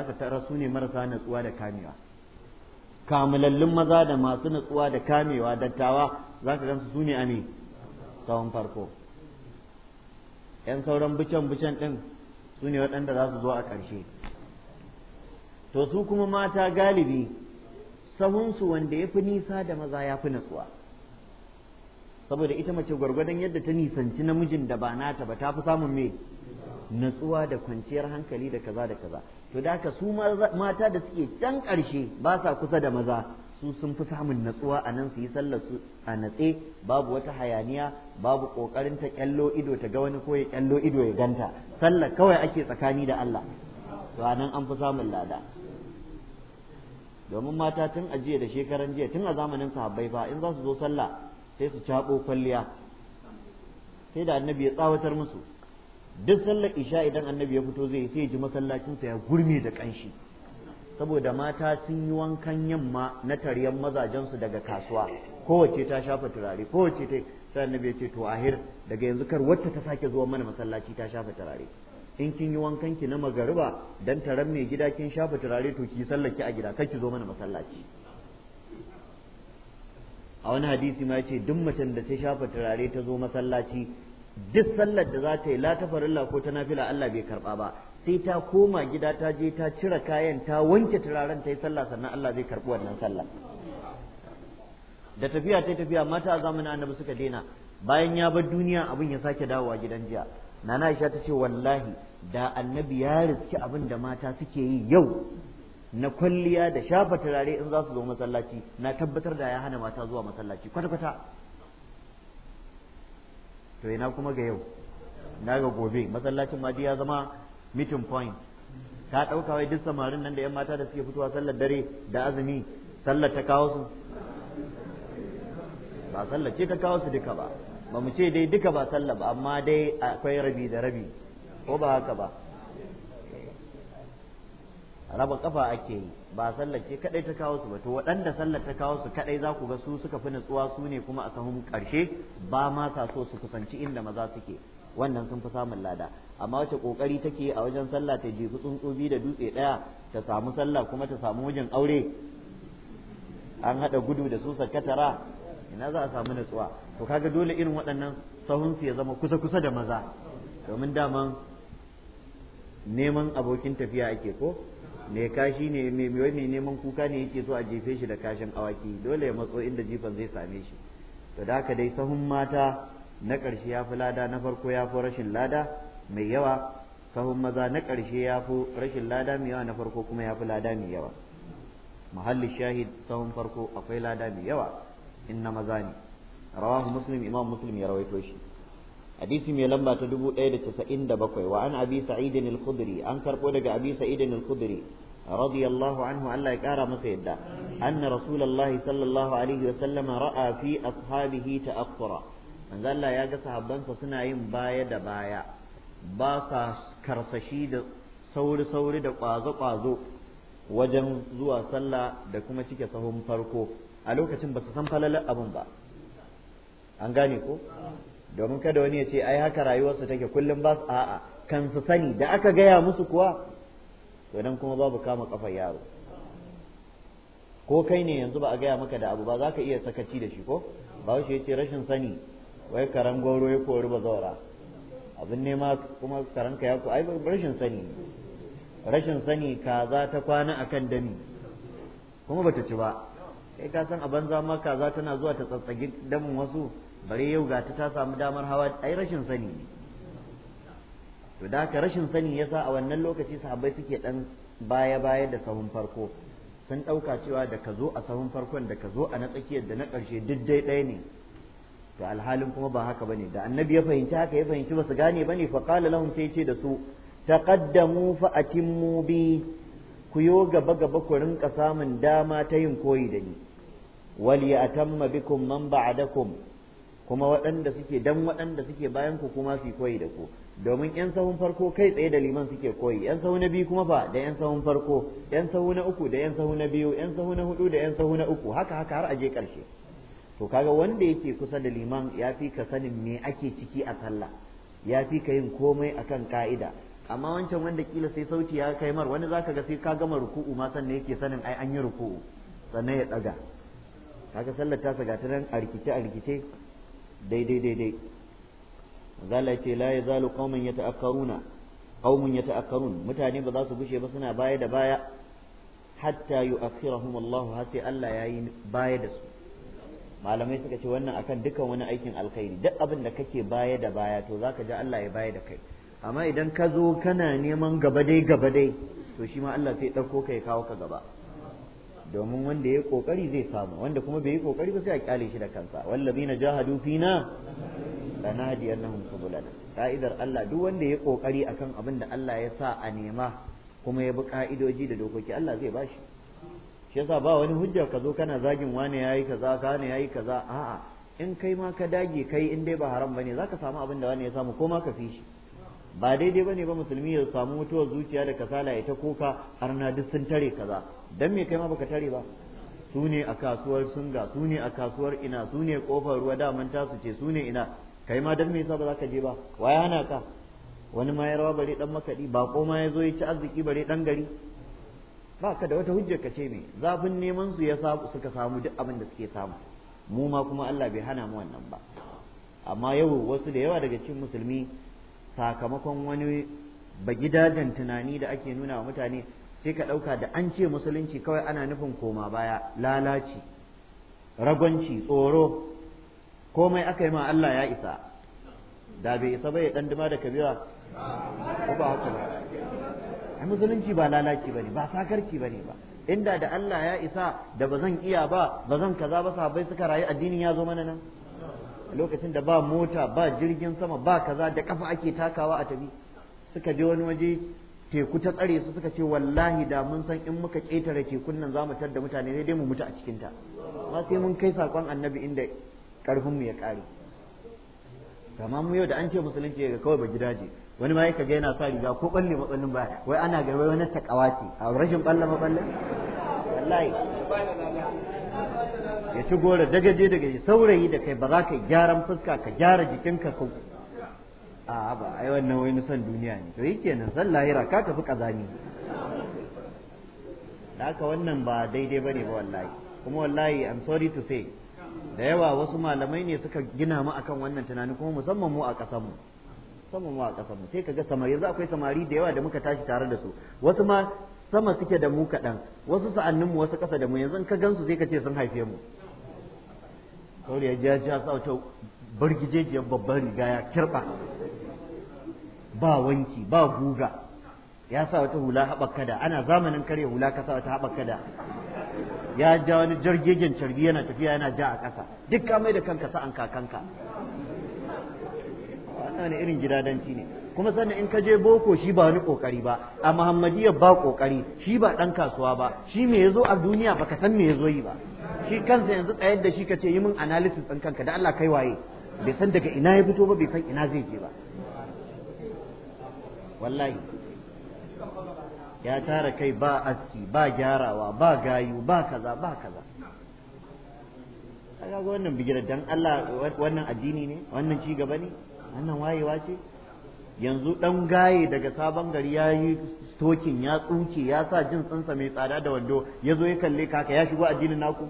ka tara su ne marasa natsuwa da kamewa kamulallun maza da masu natsuwa da kamewa dattawa za ka gansu su ne a ne sahun farko ‘yan sauran bucen-bucen ɗin su ne waɗanda za su zo a ƙarshe to su kuma mata galibi sahunsu wanda ya fi nisa da maza ya fi natsuwa. saboda ita mace gwargwadon yadda ta nisanci namijin da ba nata ba ta fi samun me natsuwa da kwanciyar hankali da kaza da kaza to da haka su mata da suke can ƙarshe ba sa kusa da maza su sun fi samun natsuwa a nan su yi sallar su a natse babu wata hayaniya babu ƙoƙarin ta ƙyallo ido ta ga wani ko ya ƙyallo ido ya ganta sallar kawai ake tsakani da Allah to a nan an fi samun lada domin mata tun a jiya da shekaran jiya tun a zamanin sahabbai fa in za su zo sallah sai su caɓo kwalliya sai da annabi ya tsawatar musu duk sallar isha idan annabi ya fito zai sai ji masallacinsa ya gurme da kanshi saboda mata sun yi wankan yamma na taryan mazajensu daga kasuwa kowace ta shafa turare kowace ta sai annabi ya ce to ahir daga yanzu kar wacce ta sake zuwa mana masallaci ta shafa turare in kin yi wankan ki na magariba dan taran mai gida kin shafa turare to ki sallaki a gida kar ki zo mana masallaci a wani hadisi ma yace duk macen da ta shafa turare ta zo masallaci duk sallar da za ta yi la ta farilla ko ta nafila Allah bai karba ba sai ta koma gida ta je ta cire kayan ta wanke turaren ta yi sallah sannan Allah zai karbi wannan sallah da tafiya ta tafiya mata a zamanin annabi suka daina bayan ya bar duniya abin ya sake dawowa gidan jiya nana Aisha ta ce wallahi da annabi ya riski abin da mata suke yi yau na kwalliya da shafa turare in za su zo masallaci na tabbatar da ya hana mata zuwa masallaci kwata-kwata to ina kuma ga yau na ga gobe masallacin ma ya zama meeting point ta ɗauka wai duk samarin nan da 'yan mata da suke fitowa sallar dare da azumi sallar ta kawo su ba sallar ce ta kawo su duka ba ba mu ce dai duka ba sallar ba amma dai akwai rabi da rabi ko ba haka ba raba kafa ake yi ba sallar ce kadai ta kawo su ba to waɗanda sallar ta kawo su kadai za ku ga su suka fi nutsuwa su ne kuma a sahun karshe ba ma sa so su kusanci inda maza suke wannan sun fi samun lada amma wace kokari take a wajen sallah ta jefi tsuntsobi da dutse ɗaya ta samu sallah kuma ta samu wajen aure an haɗa gudu da su sakatara ina za a samu nutsuwa to kaga dole irin waɗannan sahun su ya zama kusa kusa da maza domin daman neman abokin tafiya ake ko mai kashi ne mai mai neman kuka ne yake so a jefe shi da kashin awaki dole ya matso inda jifan zai same shi to da haka dai sahun mata na ƙarshe ya fi lada na farko ya fi rashin lada mai yawa sahun maza na ƙarshe ya fi rashin lada mai yawa na farko kuma ya fi lada mai yawa muhalli shahid sahun farko akwai lada mai yawa in na maza ne rawahu muslim imam muslim ya rawaito shi hadisi mai lamba ta dubu 1097 wa an abi sa'id al-khudri an karbo daga abi sa'id al radiyallahu anhu Allah ya kara masa yadda anna rasulullahi sallallahu alaihi wa sallam ra'a fi ashabihi ta'akhkhura manzo ya ga sahabbansa suna yin baya da baya ba sa karsashi da sauri sauri da kwazo kwazo wajen zuwa sallah da kuma cike sahun farko a lokacin ba su san falalar abun ba an gane ko domin kada wani ya ce ai haka rayuwarsu take kullum ba su a'a kan su sani da aka gaya musu kuwa to dan kuma babu kama kafar yaro ko kai ne yanzu ba a gaya maka da abu ba za ka iya sakaci da shi ko ba shi ya ce rashin sani wai karan goro ya kori ba zaura abin nema kuma karanka ya ku ai rashin sani rashin sani kaza ta kwana akan dami kuma bata ci ba kai ka san a banza ma kaza tana zuwa ta tsatsagi damin wasu bare yau ga ta samu damar hawa ai rashin sani ne to da ka rashin sani yasa a wannan lokaci sahabbai suke dan baya baya da sahun farko sun ɗauka cewa da ka zo a sahun farkon da ka zo a na tsakiyar da na ƙarshe duk dai ɗaya ne to alhalin kuma ba haka bane da annabi ya fahimci haka ya fahimci ba su gane bane fa qala lahum sai ce da su taqaddamu fa atimmu bi ku yo gaba gaba ku rinka samun dama ta yin koyi da ni wal atamma bikum man ba'dakum kuma waɗanda suke dan waɗanda suke bayan ku kuma su koyi da ku domin yan sahun farko kai tsaye da liman suke koyi yan sahu na biyu kuma fa da yan sahun farko yan sahu na uku da yan sahu na biyu yan sahu na hudu da yan sahu na uku haka haka har aje karshe to kaga wanda yake kusa da liman ya fi ka sanin me ake ciki a sallah ya fi ka yin komai akan ka'ida amma wancan wanda kila sai sauti ya kai mar wani zaka ga sai ka gama ruku'u ma sannan yake sanin ai an yi ruku'u sannan ya daga kaga sallar ta saga ta nan a rikice a rikice daidai daidai zala ce la yazalu qauman yata'akkaruna qaumun yata'akkarun mutane ba za su gushe ba suna baya da baya hatta yu'akhirahum Allah har sai Allah yayi baya da su malamai suka ce wannan akan dukan wani aikin alkhairi duk abin da kake baya da baya to zaka ji Allah ya baya da kai amma idan ka zo kana neman gaba dai gaba dai to shi ma Allah sai ɗauko ka ya kawo ka gaba domin wanda ya kokari zai samu wanda kuma bai yi kokari ba sai a kyale shi da kansa na jahadu fina lanahdiyannahum subulana ka'idar Allah duk wanda ya yi kokari akan abin da Allah ya sa a nema kuma ya bi ka'idoji da dokoki Allah zai bashi shi yasa ba wani hujja ka zo kana zagin wane yayi kaza ya yayi kaza a'a in kai ma ka dage kai in dai ba haram bane zaka samu abin da wani ya samu ko ma ka fi shi ba daidai bane ba musulmi ya samu mutuwar zuciya da kasala ya ta kuka har na duk sun tare kaza dan me kai ma baka tare ba su ne a kasuwar sunga su ne a kasuwar ina su ne kofar ruwa manta tasu ce su ne ina kai ma dan me yasa ba za ka je ba waya hana ka wani ma ya rawa bare dan makadi ba ko ma ya zo ya ci arziki bare dan gari ba ka da wata hujjar ka ce me zafin neman su ya suka samu duk abin da suke samu mu ma kuma Allah bai hana mu wannan ba amma yau wasu da yawa daga cikin musulmi sakamakon wani dajin tunani da ake nuna wa mutane sai ka ɗauka da an ce musulunci kawai ana nufin koma baya lalaci ragonci tsoro komai aka yi ma Allah ya isa da bai isa ba ya ɗan dima da kabewa ba haka ba ai musulunci ba lalaci bane ba sakarki bane ba inda da Allah ya isa da ba zan iya ba ba zan kaza ba sabai suka rayu addinin ya zo mana nan lokacin da ba mota ba jirgin sama ba kaza da kafa ake takawa a tafi suka je wani waje teku ta tsare su suka ce wallahi da mun san in muka ƙetare tekun nan za mu tar da mutane sai dai mu mutu a ta ba sai mun kai sakon annabi inda karfin mu ya kare amma mu yau da an ce musulunci ga kawai ba gidaje wani ma yake ga yana sa riga ko balle matsallin baya wai ana ga wai wani takawa ce a rashin balle maballe wallahi ka ci gore daga je daga saurayi da kai ba za ka gyaran fuska ka gyara jikinka ko a ba ai wannan wai nisan duniya ne to nan san lahira ka tafi kazani da haka wannan ba daidai bane ba wallahi kuma wallahi I'm sorry to say da yawa wasu malamai ne suka gina mu akan wannan tunani kuma musamman mu a kasanmu. mu musamman mu a kasanmu mu sai kaga samari yanzu akwai samari da yawa da muka tashi tare da su wasu ma sama suke da mu kaɗan wasu sa'annin mu wasu ƙasa da mu yanzu in ka gansu sai ka ce sun haife mu kawai ya ja ja sa bargijejiyar babban riga ya kirba ba wanki ba guga ya sa wata hula haɓaka da ana zamanin karya hula ka sa wata haɓaka da ya ja wani jirgin carbi yana tafiya yana ja a ƙasa duk kamai da kanka sa'an kakanka wannan irin gidadanci ne kuma sannan in ka je boko shi ba wani kokari ba a muhammadiya ba kokari shi ba dan kasuwa ba shi me yazo a duniya baka san me yazo yi ba shi kansa yanzu tsayar da shi kace yi min analysis din kanka da Allah kai waye bai san daga ina ya fito ba bai san ina zai je ba wallahi ya tara kai ba aski ba gyarawa ba gayu ba kaza ba kaza kaga wannan bigira dan Allah wannan addini ne wannan ci gaba ne wannan wayewa ce yanzu ɗan gaye daga sabon gari ya yi stokin ya tsuke ya sa jin tsansa mai tsada da wando ya zo ya kalle kaka ya shigo addinin naku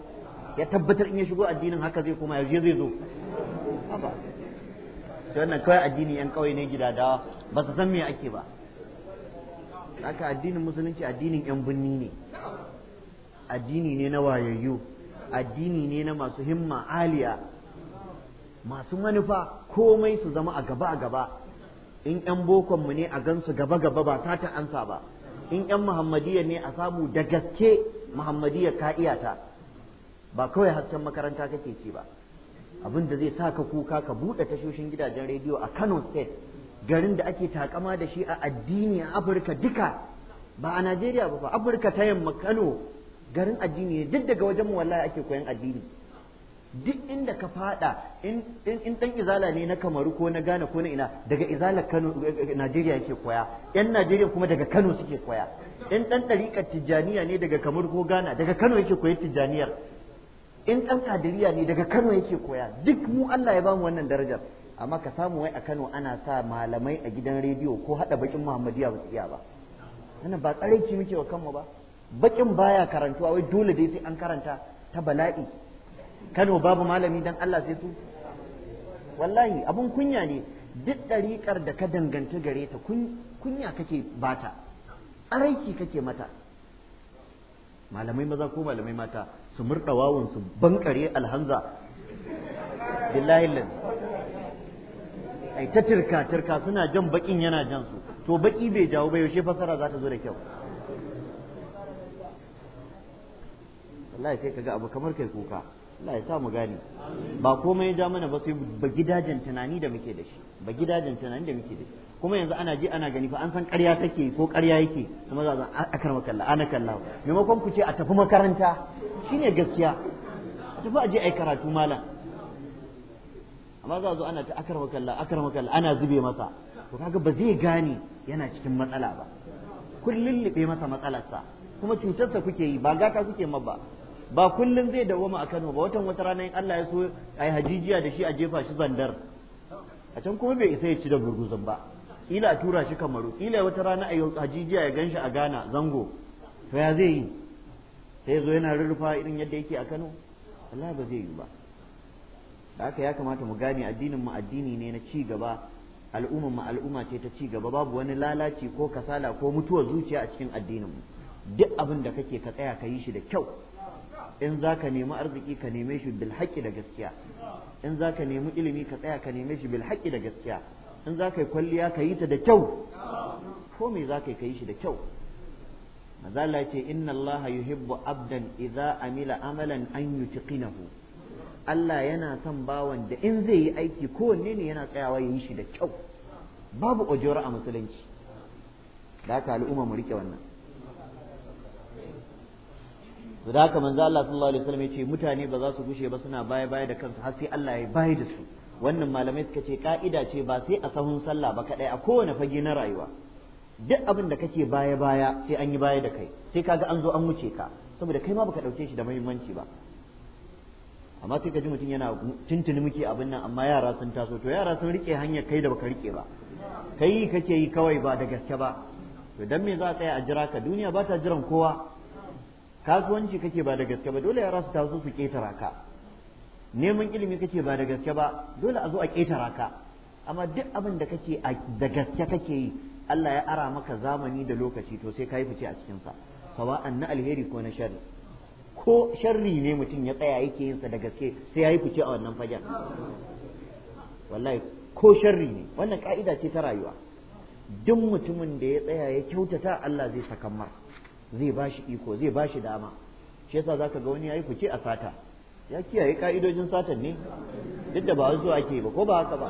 ya tabbatar in ya shigo addinin haka zai koma ya zai zo da wannan kawai addini yan kawai ne gidadawa ba su san me ake ba haka addinin musulunci addinin yan binni ne addini ne na wayayyu addini ne na masu himma aliya masu manufa komai su zama a gaba a gaba in yan bokonmu ne a gansu gaba gaba ba ta ansa ba in yan muhammadiyya ne a samu da gaske muhammadiyya ka iyata ba kawai hasken makaranta kake ci ba abin da zai sa ka kuka ka buɗe tashoshin gidajen rediyo a Kano state garin da ake takama da shi a addini a Afirka duka ba a Najeriya ba Afirka ta yamma Kano garin addini ne duk daga wajen mu wallahi ake koyan addini duk inda ka fada in dan izala ne na kamaru ko na gana ko na ina daga izalar kano eh, najeriya yake koya yan najeriya kuma daga kano suke koya in dan ɗariƙar tijaniya ne daga kamaru ko gana daga kano yake koya tijaniyar. in dan kadiriya ne daga kano yake koya duk mu allah ya bamu wannan darajar amma ka samu wai a kano ana sa malamai a gidan rediyo ko haɗa bakin muhammadiya ba su iya ba wannan ba tsaraici muke wa kanmu ba bakin baya karantuwa wai dole dai sai an karanta ta bala'i Kano babu malami dan Allah sai su wallahi abun kunya ne duk ɗariƙar da ka danganta gare ta kunya kake bata tsaraiki kake mata malamai maza ko malamai mata su murɗa wawansu su bankare alhanza billahi ai ta turka turka suna jan bakin yana jan su to baƙi bai jawo ba yaushe fasara za ta zo da kyau wallahi sai kaga abu kamar kai kuka Allah ya sa mu gane ba komai ya ja mana ba sai ba gidajen tunani da muke da shi ba gidajen tunani da muke da shi kuma yanzu ana ji ana gani fa an san ƙarya take ko ƙarya yake kuma za a akar makalla ana kallahu maimakon ku ce a tafi makaranta shine gaskiya a tafi a je ai karatu malam amma za zo ana ta akar makalla akar makalla ana zube masa to kaga ba zai gane yana cikin matsala ba kun lullube masa matsalarsa kuma cutarsa kuke yi ba gata kuke ma ba ba kullum zai dawoma a Kano ba watan wata rana in Allah ya so ai hajijiya da shi a jefa shi zandar a can kuma bai isa ya ci da burguzan ba ila tura shi kamaru ila wata rana a hajijiya ya ganshi a Ghana zango to ya zai yi sai zo yana rurrufa irin yadda yake a Kano Allah ba zai yi ba da haka ya kamata mu gane addinin mu addini ne na ci gaba al'ummar mu al'umma ce ta ci gaba babu wani lalaci ko kasala ko mutuwar zuciya a cikin addinin mu duk abin da kake ka tsaya ka yi shi da kyau in za ka nemi arziki ka neme shi bilhaƙi da gaskiya in za ka nemi ilimi ka tsaya ka neme shi bil da gaskiya in za ka yi kwalliya ka yi ta da kyau ko me za ka yi ka yi shi da kyau mazala ce inna allaha yuhibbu abdan idza amila amalan an yutqinahu Allah yana son bawan da in zai yi aiki kowanne ne yana tsayawa ya yi shi da kyau babu ojora a musulunci da haka al'umma mu rike wannan to da haka manzo Allah sallallahu alaihi wasallam yace mutane ba za su gushe ba suna baya baya da kansu har sai Allah ya baya da su wannan malamai suka ce ka'ida ce ba sai a sahun sallah ba kadai a kowane fage na rayuwa duk abin da kake baya baya sai an yi baya da kai sai kaga an zo an wuce ka saboda kai ma baka dauke shi da muhimmanci ba amma sai ka ji mutum yana tuntuni muke abin nan amma yara sun taso to yara sun rike hanyar kai da baka rike ba kai kake yi kawai ba da gaske ba to dan me za a tsaya a jira ka duniya ba ta jiran kowa kasuwanci kake ba da gaske ba dole yara su taso su ƙetara ka neman ilimi kake ba da gaske ba dole a zo a keta ka amma duk abin da kake da gaske kake yi Allah ya ara maka zamani da lokaci to sai ka fice a cikinsa sawa'an na alheri ko na sharri ko sharri ne mutum ya tsaya yake yinsa da gaske sai yayi fice a wannan fagen wallahi ko sharri ne wannan ka'ida ce ta rayuwa duk mutumin da ya tsaya ya kyautata Allah zai sakan zai ba shi iko zai ba shi dama shi yasa zaka ga wani yayi fice a sata ya kiyaye ka'idojin satan ne duk da ba wasu ake ba ko ba haka ba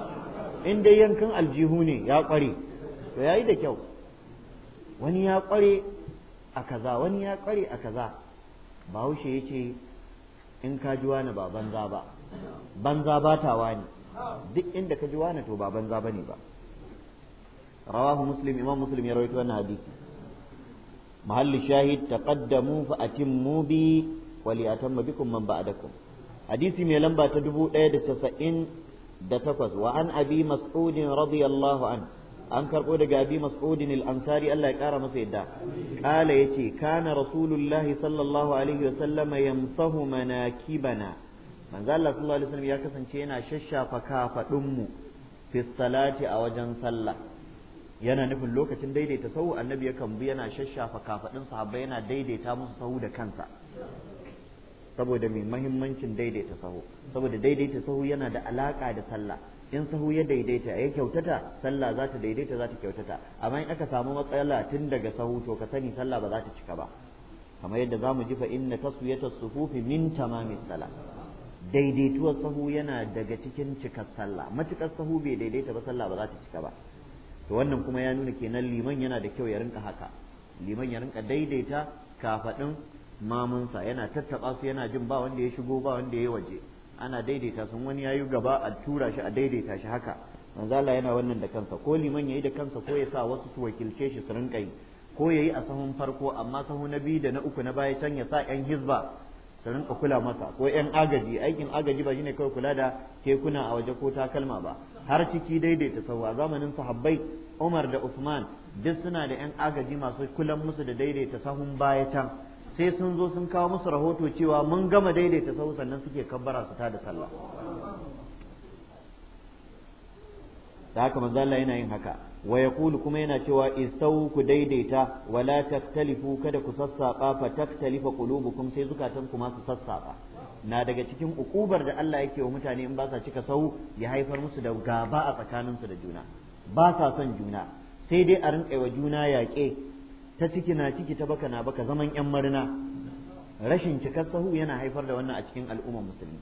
in dai yankan aljihu ne ya kware to yayi da kyau wani ya kware a kaza wani ya kware a kaza bahaushe ya ce in ka ji wani ba banza ba banza ba ta wani duk inda ka ji wani to ba banza ba ne ba rawahu muslim imam muslim ya rawaito wannan hadisi mahallu shahid taqaddamu fa atimmu bi wa li atamma bikum man ba'dakum hadisi mai lamba ta 1098 wa an abi mas'ud radiyallahu an an karbo daga abi mas'ud al-ansari Allah ya kara masa yadda kala yace kana rasulullahi sallallahu alaihi wa sallama yamsahu manakibana manzo Allah sallallahu alaihi wa sallam ya kasance yana shashafa kafadun mu fi salati a wajen sallah yana nufin lokacin daidaita sahu annabi yakan bi yana shashafa kafadin sahabbai yana daidaita musu sahu da kansa saboda mai mahimmancin daidaita sahu saboda daidaita sahu yana da alaka da sallah in sahu ya daidaita ya kyautata sallah za ta daidaita za ta kyautata amma in aka samu matsala tun daga sahu to ka sani sallah ba za ta cika ba kamar yadda za mu ji fa inna taswiyata suhufi min tamamis salah daidaituwar sahu yana daga cikin cikar sallah matukar sahu bai daidaita ba sallah ba za ta cika ba to wannan kuma ya nuna kenan liman yana da kyau ya rinka haka liman ya rinka daidaita kafaɗin mamunsa yana tattaɓa su yana jin ba wanda ya shigo ba wanda ya waje ana daidaita sun wani yayi gaba a tura shi a daidaita shi haka manzo Allah yana wannan da kansa ko liman yayi da kansa ko ya sa wasu su wakilce shi su rinka yi ko yayi a sahun farko amma sahun na biyu da na uku na baya can ya sa yan hizba su rinka kula masa ko yan agaji aikin agaji ba shine kawai kula da tekuna a waje ko takalma ba har ciki daidaita sauwa zamanin sahabbai Umar da Uthman duk suna da 'yan agaji masu kulan musu da daidaita sahun baya can sai sun zo sun kawo musu rahoto cewa mun gama daidaita sahu sannan suke kabbara su ta da sallah da haka manzo Allah yana yin haka wa yaqulu kuma yana cewa istau ku daidaita wala taktalifu kada ku sassaɓa fa taktalifa qulubukum sai zukatan kuma su sassaba na daga cikin ukubar da Allah yake wa mutane in ba sa cika sau ya haifar musu da gaba a tsakaninsu da juna ba sa son juna sai dai a rinƙa wa juna yaƙe ta ciki na ciki ta baka na baka zaman yan marina rashin cikar sahu yana haifar da wannan a cikin al'ummar musulmi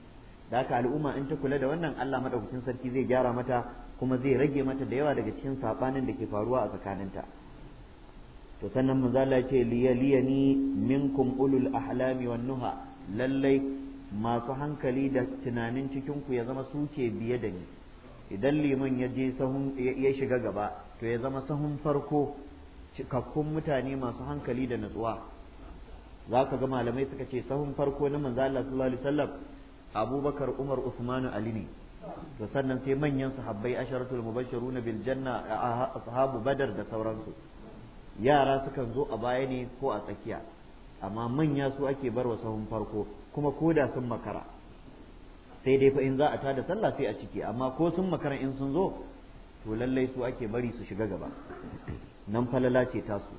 da haka al'umma in ta kula da wannan Allah madaukakin sarki zai gyara mata kuma zai rage mata da yawa daga cikin sabanin da ke faruwa a tsakaninta to sannan manzala ce liyaliyani minkum ulul ahlami wan nuha lallai masu hankali da tunanin cikin ku ya zama suke biye da ni idan liman ya je sahun ya shiga gaba to ya zama sahun farko cikakkun mutane masu hankali da natsuwa za ka ga malamai suka ce sahun farko na manzo Allah sallallahu alaihi wasallam Abubakar Umar usman Ali ne to sannan sai manyan sahabbai asharatul mubashirun bil janna ashabu badar da sauransu yara sukan zo a baya ne ko a tsakiya amma manya su ake barwa sahun farko kuma ko da sun makara sai dai fa in za a tada sallah sai a ciki amma ko sun makara in sun zo to lallai su ake bari su shiga gaba nan falala ce tasu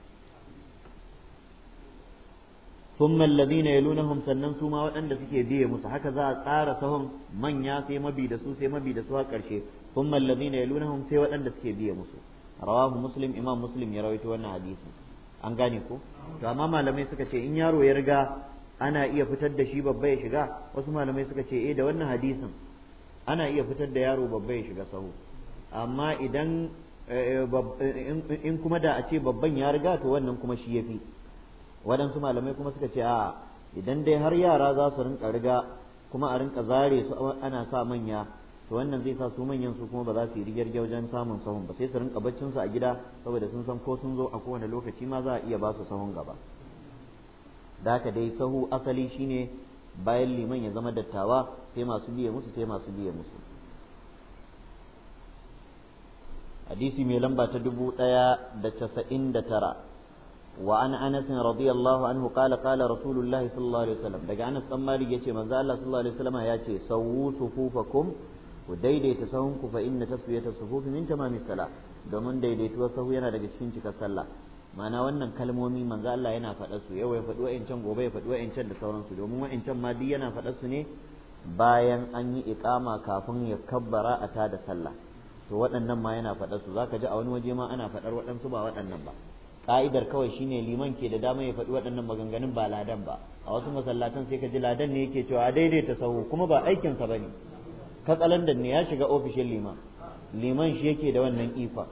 ثم الذين يلونهم sannan su ma waɗanda suke biye musu haka za a tsara sahun manya sai mabi da su sai mabi da su a ƙarshe ثم الذين يلونهم sai waɗanda suke biye musu rawahu muslim imam muslim ya rawaito wannan hadisi an gane ko to amma malamai suka ce in yaro ya riga ana iya fitar da shi babba ya shiga wasu malamai suka ce eh da wannan hadisin ana iya fitar da yaro babba ya shiga sahu amma idan eh, in kuma da a ce babban ya riga to wannan kuma shi yafi waɗansu malamai kuma suka ce a idan dai har yara za su rinka riga kuma a rinka zare su ana sa manya to wannan zai sa su manyan su kuma ba za su yi rigar wajen samun sahun ba sai su rinka baccin su a gida saboda sun san ko sun zo a kowane lokaci ma za a iya ba su sahun gaba da haka dai sahu asali shine bayan liman ya zama dattawa sai masu biye musu sai masu biye musu hadisi mai lamba ta dubu ɗaya da casa'in da tara wa انس رضي الله عنه قال kala رسول الله sallallahu alaihi wasallam daga anas dan malik yace manzo Allah sallallahu alaihi wasallam su sawu sufufakum ku daidaita sahunku fa inna ta sufufi min tamami salah domin daidaituwar sahu yana daga cikin cikar sallah ma'ana wannan kalmomi manzo Allah yana faɗa su yau ya faɗi wa'incan gobe ya faɗi wa'incan da sauransu domin wa'incan ma duk yana faɗa su ne bayan an yi iqama kafin ya kabbara a ta da sallah to waɗannan ma yana faɗa su zaka ji a wani waje ma ana faɗar waɗansu ba waɗannan ba ka'idar kawai shine liman ke da dama ya faɗi waɗannan maganganun ba ladan ba a wasu masallatan sai ka ji ladan ne yake cewa ta sahu kuma ba aikinsa bane katsalandan ne ya shiga ofishin liman liman shi yake da wannan ifa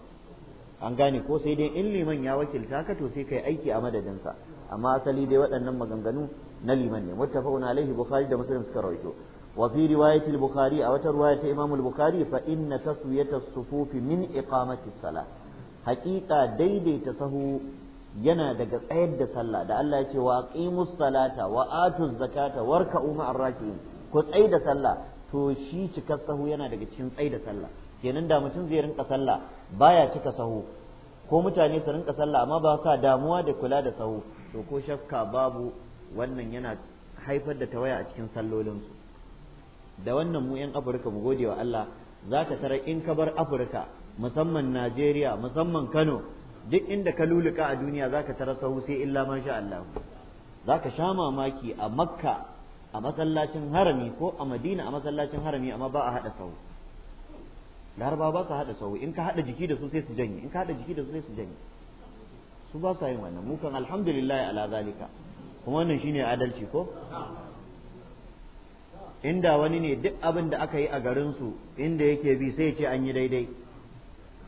an gane ko sai dai in liman ya wakilta ka to sai kai aiki a madadinsa amma asali dai waɗannan maganganu na liman ne muttafaquna alaihi bukhari da muslim suka rawaito wa fi riwayatil bukhari a wata riwaya ta imam al-bukhari fa inna taswiyata as-sufufi min iqamati salah haqiqa daidaita sahu yana daga tsayar da sallah da Allah ya ce wa aqimus salata wa atuz zakata warka'u ma'ar raki'in ku tsayi da sallah to shi cikar sahu yana daga cikin tsayi da sallah kenan da mutum zai rinka sallah baya cika sahu ko mutane su rinka sallah amma ba sa damuwa da kula da sahu to ko shakka babu wannan yana haifar da tawaya a cikin sallolinsu da wannan mu 'yan afirka mu gode wa Allah za ka tara in ka bar afirka musamman najeriya musamman kano duk inda ka luluka a duniya za ka tara sahu sai illa man sha Allah za ka sha mamaki a makka a masallacin harami ko a madina a masallacin harami amma ba a haɗa sahu laraba ba su haɗa sahu in ka haɗa jiki da su sai su janye in ka haɗa jiki da su sai su janye su ba sa yin wannan mukan alhamdulillah ala zalika kuma wannan shine adalci ko inda wani ne duk abin da aka yi a garinsu inda yake bi sai ce an yi daidai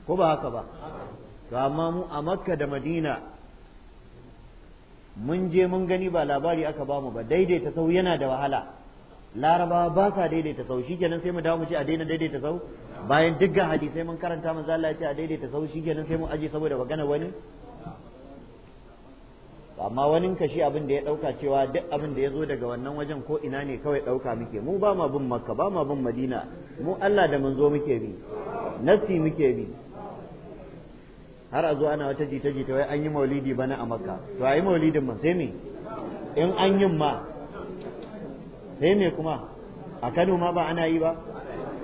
ko ba haka ba to amma mu a makka da madina mun je mun gani ba labari aka bamu ba daidaita sau yana da wahala larabawa ba sa daidaita sau shikenan sai mu dawo mu ce a daina daidaita sau bayan dukkan hadisai mun karanta manzo Allah ya ce a daidaita sau shikenan sai mu aje saboda magana wani amma wani kashi abin da ya dauka cewa duk abin da ya zo daga wannan wajen ko ina ne kawai dauka muke mu ba ma bin makka ba ma bin madina mu Allah da mun zo muke bi nasi muke bi har a zo ana wata jita jita wai an yi maulidi bana a makka to a yi maulidin ma sai me in an yi ma sai me kuma a Kano ma ba ana yi ba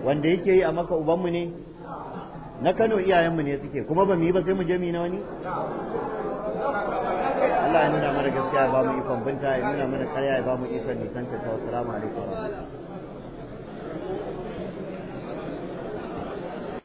wanda yake yi a maka ubanmu ne na Kano iyayenmu ne suke kuma ba mu yi ba sai mu je mu na wani Allah ya nuna mana gaskiya ya ba mu ikon binta ya nuna mana karya ya ba mu ikon nisanta ta wasu alaikum